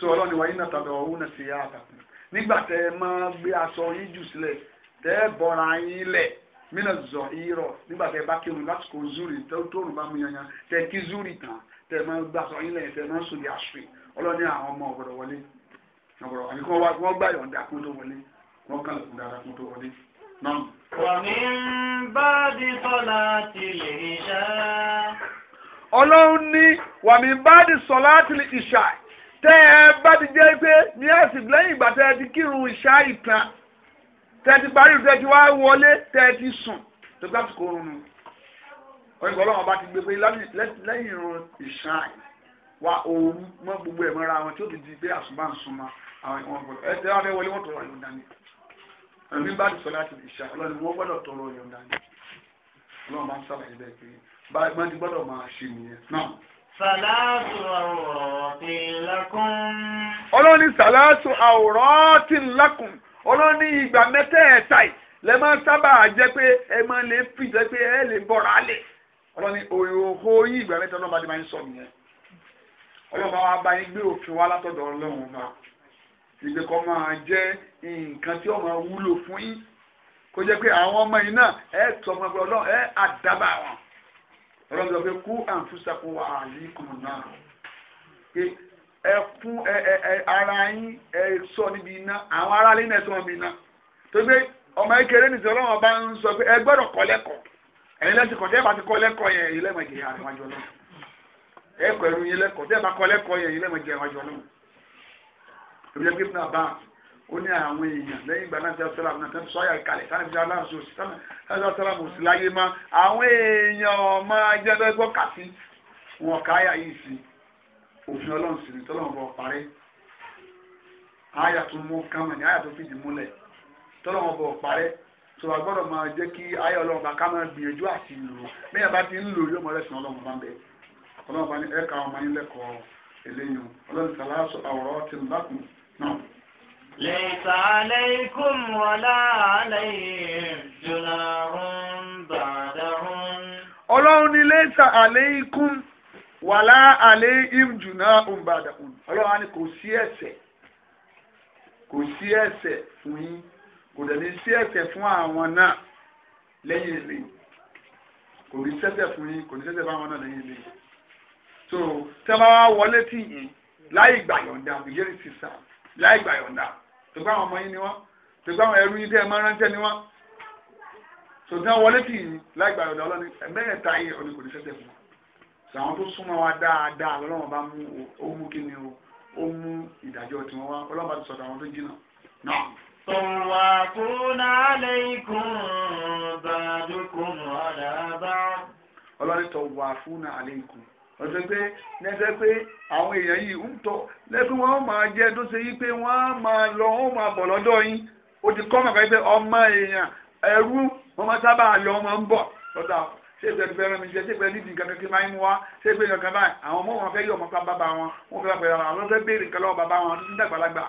so ni wáyé náà tàbí ọ̀hún náà sì yá àtàkùn nígbà tẹ ẹ máa gbé aṣọ yín jù sílẹ̀ tẹ ẹ bọ́ra yín lẹ̀ mínà zọ irọ nígbà tẹ ẹ bá kírun lásìkò zúrì tẹ ó tóorùn bá mu yanyan tẹ kí zúrì tán tẹ ẹ máa gbé aṣọ yín lẹ̀ tẹ ẹ máa sòdì àṣùwì ọlọ́ni àwọn ọmọ ọ̀gbọ̀dọ̀ wọlé ọ̀gbọ̀dọ̀ àbí kí wọ́n gbá yọ̀ǹda kó tó wọlé wọ́n kàn tẹ́ ẹ bá ti jẹ́ pé ní ẹ̀sìn lẹ́yìn ìgbà tẹ́ ẹ ti kírun ìṣá ìtàn tẹ́ ẹ ti parí tẹ́ ẹ ti wá wọlé tẹ́ ẹ ti sùn tó gbà tó kórun nu ọ̀yìnbó ọlọ́run bá ti gbé pé lẹ́yìn irun ìṣá wa òun mọ́ gbogbo ẹ̀ mọ́ra wọn tí ó ti di pé àsùnbà ń súnmọ́ àwọn ìwọ̀n gbọ́dọ̀ ẹ tẹ́ wá fẹ́ wọlé wọ́n tọrọ ìyọ̀ǹda ni ẹ̀mí bá ti sọ láti ìṣá ọlọ́run wọ́n gbọ́dọ̀ tọrọ ìyọ̀ǹda ni ọlọ́run bá ń sábà yẹ bẹ́ẹ̀ pé bá Sàlátù àwòrán lakum. Ọlọ́ni sàlátù àwòrán lakum. Ọlọ́ni ìgbà mẹ́tẹ̀ẹ̀ta yìí lẹ máa sábà jẹ́ pé ẹ máa lè fi jẹ́ pé ẹ lè bọ̀ra lẹ̀. Ọlọ́ni òyòhó yìí ìgbà mẹ́ta ọlọ́ba ti máa ń sọ nìyẹn. Ọlọ́ba wa bá yín gbé òfin wá látọ̀dọ̀ Ọlọ́run náà. Ìgbé kan máa jẹ́ nǹkan tí ó wúlò fún yín. Kó jẹ́ pé àwọn ọmọ yìí náà ẹ̀ tọ́ ọmọ Ọlọ́run ẹ̀ àdábà wọn ọlọ́run sọ pé kú àǹfùsàkó wà áyí kùn náà pé ẹ fún ẹ ẹ ara yín ẹ sọ níbi iná àwọn ará lẹ́yìn ẹ sọ níbi iná tó pé ọmọ ekele nìsọ ọlọ́run ọba ń sọ pé ẹ gbọ́dọ̀ kọ́ lẹ́kọ̀ọ́ ẹ̀yin lẹ́sìn kọ́ tẹ́ẹ̀ bá ti kọ́ lẹ́kọ̀ọ́ yẹn èyí lẹ́mọ̀ ìjìyà rẹ̀ wájú ọlọ́run ẹ kọ́ ẹ̀rù yín lẹ́kọ̀ọ́ tẹ́ẹ̀ bá kọ́ lẹ́kọ̀ọ́ yẹn èyí lẹ́mọ̀ ìjìyà rẹ̀ wájú ọlọ́run ó ní àwọn èèyàn lẹ́yìn ìgbà náà sẹ́yà sẹ́lá náà sẹ́yà sọ́yà ìkàlẹ̀ sáàbí aláǹsì òsì sẹ́yà sẹ́lá òsì láyé má àwọn èèyàn ọmọ ajẹ́dọ́ gbọ́ kàtí wọn káyà yìí sí òfin ọlọ́run sì ní tọ́lọ́run bọ̀ parí àyà tó mú kánmọ̀ ní àyà tó fìdí múlẹ̀ tọ́lọ́run bọ̀ parí tó a gbọ́dọ̀ máa jẹ́ kí àyà ọlọ́run bá ká gbìyànjú àti lò bẹ́ẹ̀ bá ti ń lò yóò mọ ليس عليكم ولا عليهم جناح بعدهم ọlọ́run ní lẹ́sà àléékún wàlá àlééhìm jùnà òǹbàdàkùn ọlọ́run á ní kò sí ẹ̀ṣẹ̀ kò sí ẹ̀ṣẹ̀ fún yín kò dẹ̀ ní sí ẹ̀ṣẹ̀ fún àwọn náà lẹ́yìn èlé kò ní sẹ́ṣẹ̀ fún yín kò ní sẹ́ṣẹ̀ fún àwọn náà lẹ́yìn èlé so tẹ́ bá wọlé tì yín láì gbàyọ̀ǹda bìyẹ́rì sísá láì gbàyọ̀ǹda tògbà àwọn ọmọ yín ni wọ́n tògbà àwọn ẹrú yín tẹ́ ẹ máa ránṣẹ́ ni wọ́n sòtún wọlé tì yín láìgbà ọ̀dọ̀ ọlọ́ni ẹgbẹ́rẹ̀ ta yìí ọ̀nà kò ní sẹ́tẹ̀ fún wa sàwọn tó súnmọ́ wa dáadáa lọ́wọ́n bá mú ó mú kí ni o ó mú ìdájọ́ tí wá ọlọ́run bá ti sọ̀tọ̀ àwọn tó jìnnà náà. Tọ̀wà kúnà alaykum ba'dukum ala ba'd. Ọlọ́run tọ̀wà fúnà alaykum ó sọ pé nẹ́sẹ̀ pé àwọn èèyàn yìí ń tọ́ lẹ́kùn wọn máa jẹ́ tó ṣe yí pé wọ́n á máa lọ wọ́n máa bọ̀ lọ́dọ̀ yín ó ti kọ́ mọ̀ pé ọmọ èèyàn ẹrú wọn máa sábà lọ wọn ń bọ̀ lọ́dọ̀ àwọn ṣé ìfẹ́ fẹ́ràn mi jẹ́ ṣé ìfẹ́ nídìí nǹkan kankan máa ń wá ṣé ìfẹ́ nǹkan báyìí àwọn ọmọ wọn fẹ́ yọ ọmọ pa bàbá wọn wọn fẹ́ pẹ̀lú àwọn fẹ́ béèrè nǹkan lọ́wọ́ bàbá wọn títí dàgbàlagbà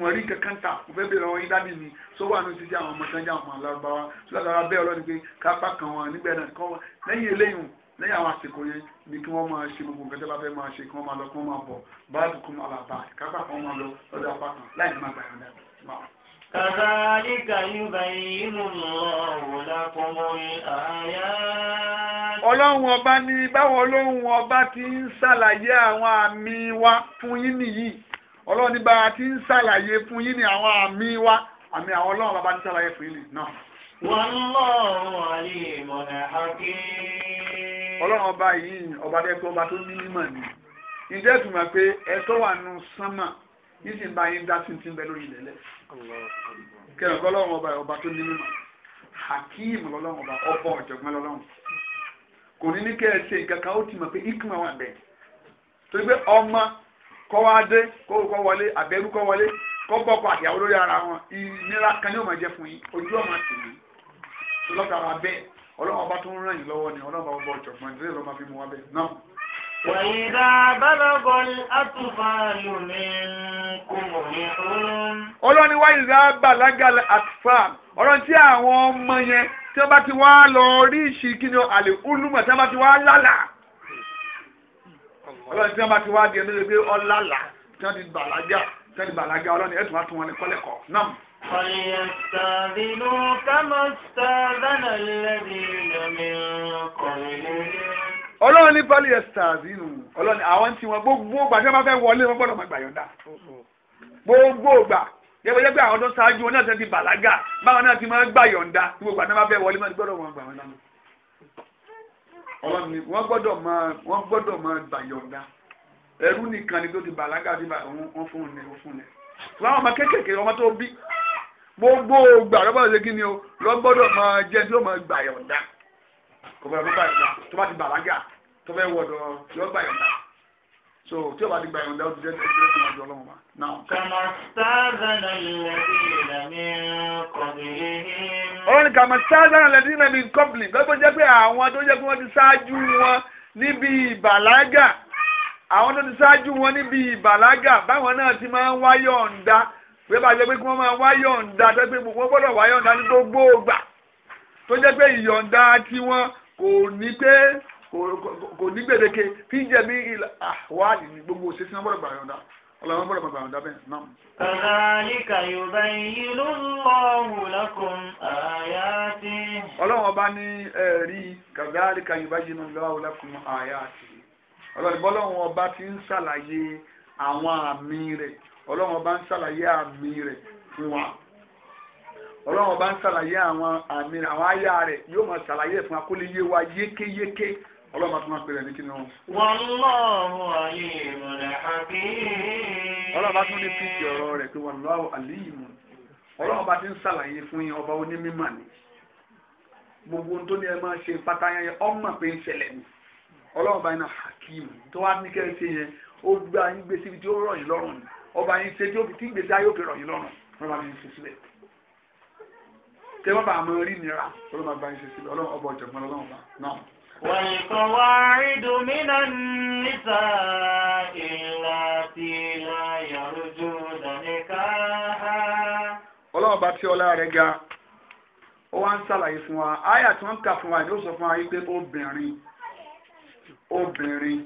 wọn rí kankan ta wọn fẹ́ béèrè wọn yídá nìyí sọ wà ní títí àwọn ọmọ sanjá àwọn ọmọ alárúbáwá sọlá bẹ́ẹ̀ ọlọ́ni pé kápá kan wọn nígbà náà kọ́ wọn lẹ́yìn eléyìí lẹ́yìn àwọn àsìkò yẹn ni kí wọ́n máa ṣe gbogbo nǹkan tó bá fẹ́ máa ṣe kí wọ́n máa lọ kí wọ́n máa bọ̀ báàbù kún alàbà kápá kan máa lọ lọ́dọ̀ apá kan láì má gbà yọ̀ǹda كذلك يبين الله لكم الآيات ọlọ́run ọba ní báwọn ọlọ́run ọba ti ń ṣàlàyé àwọn àmì wa fún yín nìyí ọlọ́run ní báwa ti ń ṣàlàyé fún yín ní àwọn àmì wa àmì àwọn ọlọ́run ọba ti ń ṣàlàyé fún yín nìyí náà. والله عليم حكيم ọlọ́run ọba yìí ọba dẹ́kun ọba tó ní mímọ̀ ni ǹjẹ́ ìtumọ̀ pé ẹ̀tọ́ wà nù sánmà yìí sì ń bá yín dá tuntun bẹ lórí ilẹ̀ lẹ̀ kẹrin ọlọ́run ọba ọba tó ní mímọ̀ hakeem lọ́lọ́run ọba ọba ọ̀jọ̀gbọ́n lọ́lọ́run kò ní ní kẹ́ ẹ ṣe nǹkan kan ó ti mọ̀ pé ikuma wà bẹ́ẹ̀ torí pé ọmọ kọ́ wá dé kó kọ́ wọlé àbẹ́rú kọ́ wọlé kọ́ bọ́kọ̀ àtìyàwó lórí ara wọn ìnira kan ní ó máa jẹ́ fún yín ojú ọmọ àtìyí lọ́kàrà bẹ́ẹ̀ ọlọ́run bá tún ràn yín lọ́wọ́ ni ọlọ́run bá bọ̀ ọ̀jọ̀gbọ́n ìdílé lọ́ọ́ máa fi mú wa bẹ́ẹ̀ náà. وَإِذَا بَلَغَ الْأَطْفَالُ مِنْكُمُ الْحُلُمَ ọlọ́ni wá ìdá bàlágà àtúfà ọ̀rọ̀ tí àwọn ọmọ yẹn tí wọ́n bá ti wá lọ rí ìṣì kí ni àlè ulùmọ̀ tí wọ́n bá ti wá lálà ọlọ́ni tí wọ́n bá ti wá di ẹni lè gbé ọlálà tí wọ́n ti bàlágà tí wọ́n ti bàlágà ọlọ́ni ẹ̀sùn فليستاذنوا كما استاذن الذين من قبلهم. ọlọ́run ní pálí ẹ̀sítàzínù ọlọ́run àwọn tí wọn gbogbo ògbà tí wọn bá fẹ́ wọlé wọn gbọ́dọ̀ máa gbà yọ̀ǹda gbogbo ògbà yẹ́pẹ́ yẹ́pẹ́ àwọn tó ṣáájú wọn náà ti ti bàlágà báwọn náà ti máa gbà yọ̀ǹda gbogbo ògbà wọn fẹ́ wọlé wọn gbọ́dọ̀ máa gbà yọ̀ǹda ọlọ́run ní wọ́n gbọ́dọ̀ máa wọ́n gbọ́dọ̀ máa gbà yọ̀ǹda ẹrú nìkan ni tó ti bàlágà ti bá wọn fún un ní wọn fún un ní gbogbo ògbà lọ́gbọ́dọ̀ ṣe kí ni o lọ́gbọ́dọ̀ máa jẹ́ tí ó máa gbà yọ̀ǹda kò fẹ́ gbà yọ̀ǹda tó bá ti bàlágà tó fẹ́ wọ̀dọ̀ yọ gbà yọ̀ǹda so tí ó bá ti gbà yọ̀ǹda ó ti jẹ́ ẹgbẹ́ tó máa jọ ọlọ́run wa. kàmá sáàdánà lẹ́dínlẹ̀ mi kọ̀bìlì. ó gbogbo jẹ́ pé àwọn tó jẹ́ pé wọ́n ti ṣáájú wọn níbi ìbàlágà àwọn tó ti ṣáájú wọn níbi ìbàlágà báwọn náà ti máa ń wáyọ̀ ǹda pé bá a jẹ́ pé kí wọ́n máa wá yọ̀ǹda tó pé gbogbo gbọ́dọ̀ wá yọ̀ǹda ní gbogbo ògbà tó jẹ́ pé ìyọ̀ǹda tiwọn kò ní pé kò ní gbèdéke fi jẹ́ mi àwáàdì ah, ní gbogbo òṣèṣin wọn gbọ́dọ̀ gbà yọ̀ǹda ọlọ́run gbọ́dọ̀ gbà yọ̀ǹda bẹ́ẹ̀ náà. kàdáníkà yorùbá yìí ló ń lọ wùlákùn àyà tí. ọlọ́run ọba ní ẹ̀rí kàdáníkà yorùbá yìí ló ń lọ wùlákùn àyà tí. ọlọ́run ọlọ́run ọba ń ṣàlàyé àmì rẹ̀ fún wa ọlọ́run ọba ń ṣàlàyé àwọn àmì àwọn àyà rẹ̀ yóò máa ṣàlàyé fún wa kó lè yé wa yékéyéké ọlọ́run máa tún máa pèrè ní kí ni wọn. wallahu alimun hakim. ọlọ́run bá tún ní fífi ọ̀rọ̀ rẹ̀ pé wallahu alimun ọlọ́run bá ti ń ṣàlàyé fún yín ọba onímọ̀ ni gbogbo ohun tó ní ẹ máa ṣe pátá ọmọ pé ń ṣẹlẹ̀ ni ọlọ́run bá yín náà hakim tó wá ní kẹ́hìn ṣe yẹn ó gbé ayé gbé síbi tí ó rọ̀ yín lọ́rùn ni ọba yín ṣe tí ó fi tí gbèsè ayé òkè rọ̀yìn lọ́rùn ọlọ́run bá yín ṣe sílẹ̀ tẹ́wọ́n bá àmọ́ rí nira ọlọ́run bá yín ṣe sílẹ̀ ọlọ́run ọba ọ̀jọ̀gbọ́n ọlọ́run bá náà. والقواعد من النساء اللاتي لا يرجون نكاحا ọlọ́run bá tí ọlá rẹ̀ ga ó wá ń ṣàlàyé fún wa àyà tí wọ́n ń kà fún wa ni sọ fún wa pé obìnrin obìnrin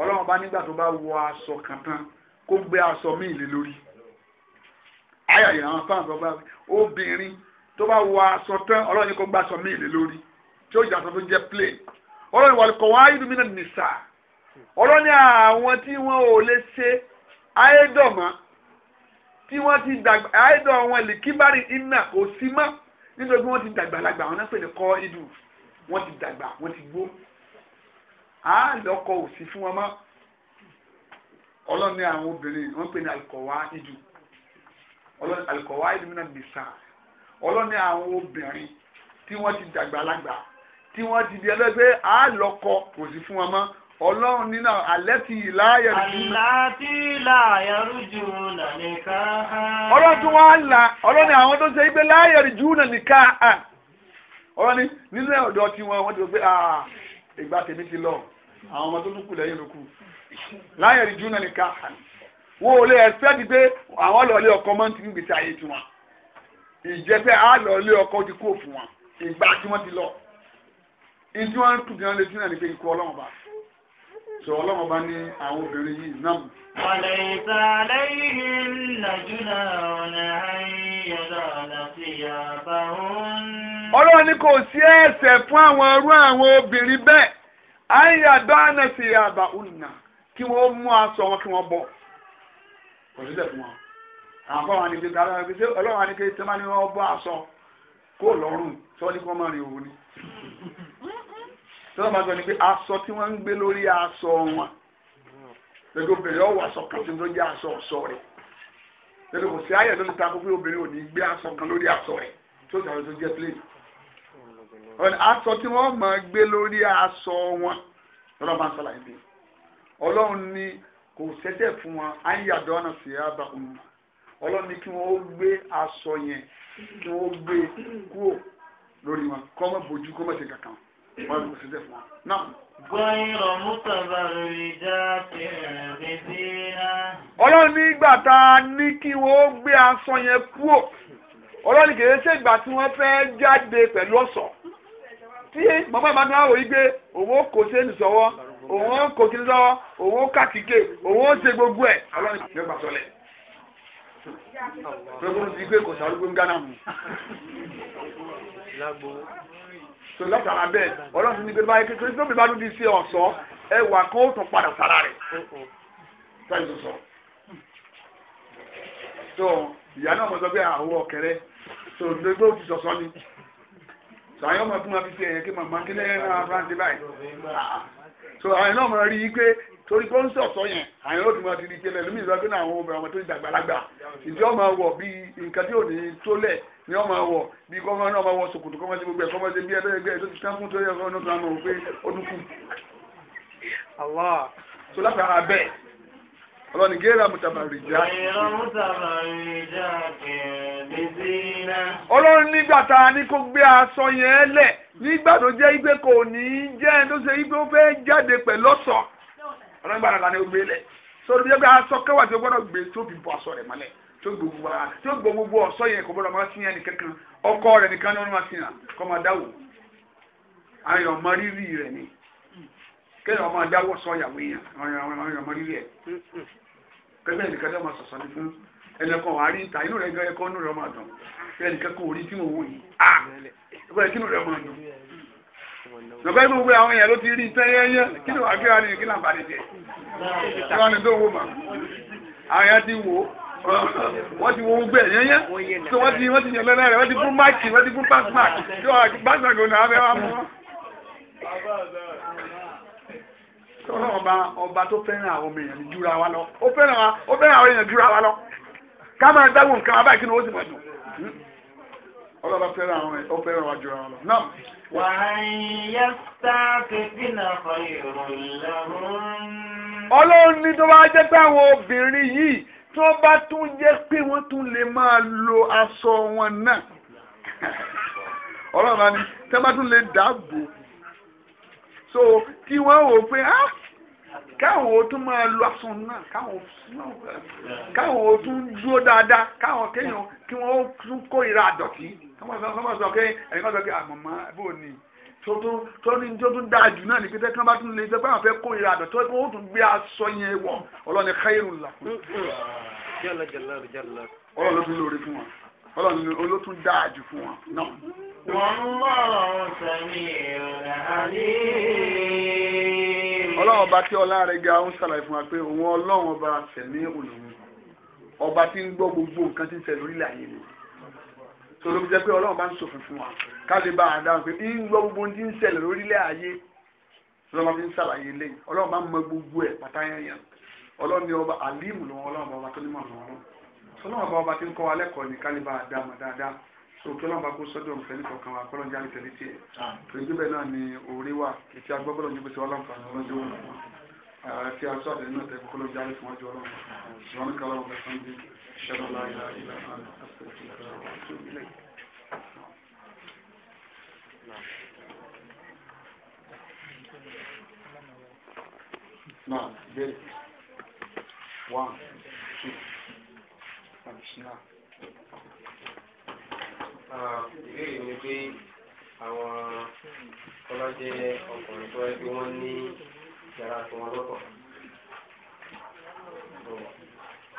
ọlọ́run bá nígbà tó bá wọ aṣọ kan tán kó gbé aṣọ míì lé lórí ayọ̀yẹ̀ àwọn fáwọn sọ pé obìnrin tó bá wọ aṣọ tán ọlọ́run ní kó gbé aṣọ míì lé lórí tí ó jẹ́ aṣọ tó jẹ́ plain ọlọ́run wà lóko wáyé dùn mí náà nìṣà ọlọ́run ní àwọn tí wọ́n ò lè ṣe ayédọ̀mọ́ tí wọ́n ti dàgbà ayédọ̀ wọn lè kíbárì iná kò sí mọ́ nítorí wọ́n ti dàgbà lágbà àwọn náà pè ní kọ́ idù wọ́n ti dàgbà wọ́n ti gbó àá òsì fún wọn mọ́ ọlọ́run ní àwọn obìnrin wọ́n pè ní alikọ̀wá idù alikọ̀wá idù mi náà nìsa ọlọ́run ní àwọn obìnrin tí wọ́n ti dàgbàlagbà tí wọ́n ti di ẹlẹ́gbẹ́ àlọ́kọ kò sí fún wọn mọ́ ọlọ́run nínú alẹ́ ti ìlà ayẹ̀rùjú náà. àlá ti ìlà ayẹ̀rùjú náà nìkan. ọlọ́run tí wọ́n á la ọlọ́run ní àwọn tó ṣe gbé láyẹ̀rùjú náà nìkan. ọlọ́run nínú ọ̀dọ́ tí wọ́n wọ́n ti sọ pé ah, ìgbà tèmi ti lọ àwọn ọmọ tó lùkù lẹ́yìn lùkù láyẹ̀ rí júnà nìkan wọn ò lè ẹ̀sẹ́ di pé àwọn lọ́ọ́ lé ọkọ mọ́ ti ń gbèsè ayé tiwọn ìjẹ́pẹ́ á lọ́ọ́ lé ọkọ ti kó fún wọn ìgbà tí wọ́n ti lọ ìdí wọn tún bí wọn lè dínà ikú ọlọ́wọ́n bá sọ ọlọ́wọ́n bá ní àwọn obìnrin yìí náà. ọ̀lẹ́ ìsàlẹ̀ yìí làjúlá ọ̀nà ayéyọ̀dọ̀ àti àbáwọn. ọlọ́run ní kò sí ẹ̀ṣẹ̀ fún àwọn irú àwọn obìnrin bẹ́ẹ̀ àyà dáná sí ba unna kí wọ́n mú aṣọ wọn kí wọ́n bọ̀ kò sí lẹ̀ fún wọn. àwọn afọwọ́n ni bíi kára ẹgbẹ́ ọlọ́run á ní kí tẹ́lẹ̀ ní wọ́n aṣọ kó lọ́rùn tí wọ́n ní kí máa rìn òun ni. tí wọ́n máa sọ ni pé aṣọ tí wọ́n ń gbé lórí aṣọ wọn gbogbo obìnrin ọwọ́ aṣọ kan tí wọ́n jẹ́ aṣọ ọ̀ṣọ́ rẹ̀ gbogbo kò sí àyẹ̀ tó ti ta kó pé obìnrin ò ní gbé aṣọ kan lórí aṣọ rẹ̀ tó sàrò tó jẹ́ plane aṣọ tí wọ́n máa gbé lórí aṣọ wọn lọ́dọ̀ máa sọ̀rọ̀ ibi ọlọ́run ni kò sẹ́sẹ̀ fún wọn á ń yàdọ́ ọ̀nà sí àbá òun ọlọ́run ni kí wọ́n gbé aṣọ yẹn kí wọ́n gbé kúrò lórí wọn kọ́ mọ́ bójú kọ́ mọ́ ṣe kankan wọ́n kò sẹ́sẹ̀ fún wọn náà. gbọ́yìnrọ̀ mùsàlùmá rẹ̀ já fẹ̀rẹ̀ sí iná. ọlọ́run ní ìgbà tá a ní kí wọ́n gbé aṣọ yẹn kúrò ọlọ́run kì í ṣègbà tí wọ́n fẹ́ jáde pẹ̀lú ọ̀ṣọ́ tí bàbá ìbá tí wọ́n wò yí pé òun ó kò sẹ́ni sọ́wọ́ òun ó kò kiri sọ́wọ́ òun ó kàkíkè òun ó ṣe gbogbo ẹ̀ ọlọ́run ìgbẹ́ gbà sọlẹ̀. pẹ̀lú ti pé kò sàrúgbó ń gánà mu. tó látara bẹ́ẹ̀ ọlọ́run ní pé báyìí kékeré tó bí bá dún ti ṣe ọ̀sọ́ ẹwà kan ó tún padà sára rẹ̀ táyì tó sọ. tó ìyá náà mọ̀ sọ pé àwọn ọ̀kẹ́rẹ́ tó ń so ọmọ tó máa fi ṣe ẹ̀yẹ kí màmá kílẹ̀ ẹ̀ náà fà ń báyìí so àwọn náà máa rí i pé torí pé ó ń sọ̀tọ̀ yẹn àwọn yóò ti máa ti di ìṣẹ̀lẹ̀ lómi ìlú agbẹ́nà àwọn obìnrin ọmọ tó ti dàgbàlagbà ìjọ máa wọ̀ bí nǹkan tí ò ní tó ni wọ́n máa bí kọ́mọ náà máa wọ ṣòkòtò kọ́mọ sí gbogbo ẹ̀ kọ́mọ sí bí ẹgbẹ́ tó ti tán fún torí ẹ̀kọ́ náà tó ọlọ́ni gẹ́rà mùtàmàrìjà. ọlọ́run nígbà tá a ní kó gbé aṣọ yẹn lẹ̀ nígbà tó jẹ́ ipe kò ní í jẹ́ ẹni tó ṣe ipe ó fẹ́ jáde pẹ̀lú ọ̀sọ̀ ọlọ́run gbàdá lánàá ó gbé lẹ̀ sórí bí ẹgbẹ́ aṣọ kẹwàá tí ó gbọ́dọ̀ gbé tó fi bọ́ aṣọ rẹ̀ mọ́lẹ̀ tó gbogbo gbogbo ọ̀sọ́ yẹn kò gbọ́dọ̀ máa sí yẹn nìkan ọkọ rẹ̀ nìkan ni wọ́n máa sí yàn kọ́ máa dáwò ayọ̀ mọ rírì rẹ̀ ni kéèyàn máa dáwọ́ sọ ìyàwó yẹn ayọ̀ mọ rírì ẹ̀ pẹ́pẹ́ nìkan dẹ́ máa sọ̀sọ́ ní fún ẹnìkan wà á rí ìta inú rẹ̀ gan ẹ̀kọ́ inú rẹ̀ máa dùn pé ẹnìkan kò rí tí mo wò yìí à ẹgbẹ́ kí inú rẹ̀ máa dùn. lọ́gbẹ́ gbogbo àwọn èèyàn ló ti rí ìtẹ́ yẹ́yẹ́ kí ni wàá kí wàá nìyí kí náà balẹ̀ jẹ́ kí wàá ní tó wò mà àwọn èèyàn ti wò wọ́n ti wo gbogbo ẹ̀ yẹ́yẹ́ tí wọ́n ti wọ́n ti yàn lọ́nà rẹ̀ wọ́n ti fún máàkì wọ́n ti fún pásmáàkì tí wọ́n bá sàgò náà fẹ́ wá ọlọ́run ọba ọba tó fẹ́ràn àwọn ọmọ èèyàn ní jura wa lọ ó fẹ́ràn wa ó fẹ́ràn àwọn èèyàn jura wa lọ ká máa dágùn nǹkan abáyé kí ni ó sì máa dùn ọlọ́ba fẹ́ràn àwọn ó fẹ́ràn wa jura wa lọ náà. wà á yẹ sáàkì dínà kọ ìrọ̀lẹ́rún. ọlọ́run ní tó bá jẹ́ pé àwọn obìnrin yìí tó bá tún jẹ́ pé wọ́n tún lè máa lo aṣọ wọn náà ọlọ́run bá ní tẹ́ bá tún lè dáàbò so kí wọ́n wò pé á ah, káwọn ó tún máa lọ aṣọ náà káwọn káwọn ó tún dúró dáadáa káwọn kéèyàn kí wọ́n ó tún kórìíra àdọ̀tí sọmọsọ pé ẹ̀yin kan sọ pé àmọ̀mọ́ bò ní tó ní tó tún dáa jù náà ní pété kí wọ́n bá tún lè jẹ́ pé àwọn fẹ́ kórìíra àdọ̀tí tó wọ́n tún gbé aṣọ yẹn wọ̀ ọlọ́ni khairul la. ọlọ́run ló tún lóore fún wa ọlọ́run ni olótún dáa jù fún wọn náà. wọ́n mọ̀ sẹ́mi ìrọ̀lẹ́ àlẹ́. ọlọ́run ọba tí ọlá rẹ̀ ga ń ṣàlàyé fún wa pé òun ọlọ́run ọba sẹ̀mí olùwù ọba tí ń gbọ́ gbogbo nǹkan tí ń ṣẹlẹ̀ orílẹ̀ ayé ni sọ̀rọ̀ mi jẹ́ pé ọlọ́run bá ń sòfin fún wa káṣí bá a dáhùn pé ń gbọ́ gbogbo tí ń ṣẹlẹ̀ orílẹ̀ ayé ọlọ́run fi ń ṣàlàyé lẹ́yìn ọlọ́run bá ń mọ gbogbo ẹ̀ pátá yẹn yẹn ọlọ́run ni ọba àlímù lọ́wọ́ ọlọ́run ọba tó ní mọ̀ lọ́wọ́ sọlọ́wọ́n bá ọba tí ń kọ́ wa lẹ́kọ̀ọ́ ní kálíbà dáàmà dáadáa sókè ọlọ́mọba kó sọ́dọ̀ nǹkan ní kọ̀ọ̀kan wa kọ́lọ́njá ní tẹ̀lé tiẹ̀ torí bẹ́ẹ̀ náà ni òórí wà ètí agbọ́bọ́lọ́ ní gbèsè ọlọ́mọba ọlọ́jọ́ wọn àti aṣọ àtẹ̀lé náà tẹ̀kọ́ kọ́lọ́njá ní fún ọjọ́ ọlọ́mọba ṣùgbọ́n kálọ́ ọ̀gá sunday ṣẹlẹ̀ láyé láyé láyé Now, this one, two. Ah, ìbéèrè ni pé àwọn ọlọ́ jẹ́ ọkùnrin tó ẹgbẹ́ wọn ní yàrá tí wọ́n lọ́tọ̀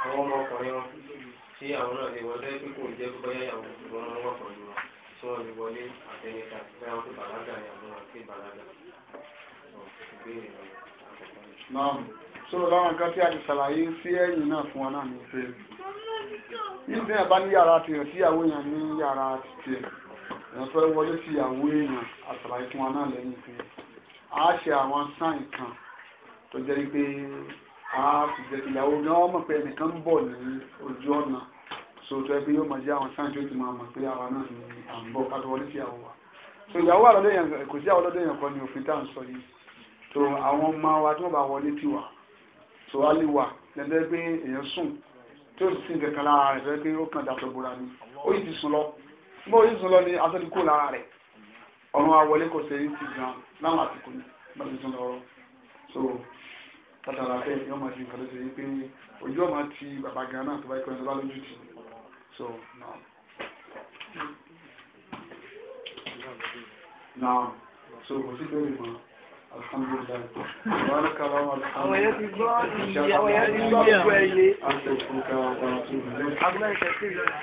àwọn ọmọkùnrin wọn tí àwọn náà lè wọlé pé kò jẹ́ pé bóyá ìyàwó ìwọ́n wọn wọ̀ pẹ̀lú wọn tí wọ́n lè wọlé àtẹnika àti bóyá wọn pé bàlágà ni àwọn àti bàlágà ìbéèrè ni náà sọ̀rọ̀ láwọn nǹkan tí a ti ṣàlàyé sí ẹ̀yìn náà fún wa náà ní ìfẹ́ yìí sẹ́yìn bá ní yàrá tiẹ̀ síyàwó èèyàn ní yàrá tiẹ̀ èèyàn fẹ́ wọlé síyàwó èèyàn àtàlàyé fún wa náà lẹ́yìn pé a ṣe àwọn sáìn kan tó jẹ́ pé a sì jẹ́ ìyàwó náà mọ̀ pé ẹnìkan ń bọ̀ ní ojú ọ̀nà so tó ẹgbẹ́ yóò máa jẹ́ àwọn sáìn tó ti máa mọ̀ pé àwa náà ni à ń bọ̀ ká tó wọlé síyàwó wa so ìyàwó àlọ́dọ̀ èèyàn kò sí àwọn ọlọ́dọ̀ èèyàn kan ní òfin tá à ń sọ yìí so àwọn ọmọ wa tí wọ́n bá wọlé tiwa so á lè wà lẹ́dẹ́ tí ó sì sí ìbẹ̀kan lára rẹ̀ fẹ́ pé ó kàn dàtọ̀ bóra ni ó yìí ti sùn lọ bó yìí sùn lọ ni aṣọ kó lára rẹ̀ ọ̀run àwọlé kò ṣe é ti gan láwọn àsìkò ni bá ti sùn lọ́rọ́ so tàtàrà bẹ́ẹ̀ ni ọmọ ti nǹkan tó ṣe é pé ojú ọmọ ti bàbá gan náà tó bá ikú ẹni tó bá lójú tì so now. now so kò sí pé mi mọ́. الحمد لله بارك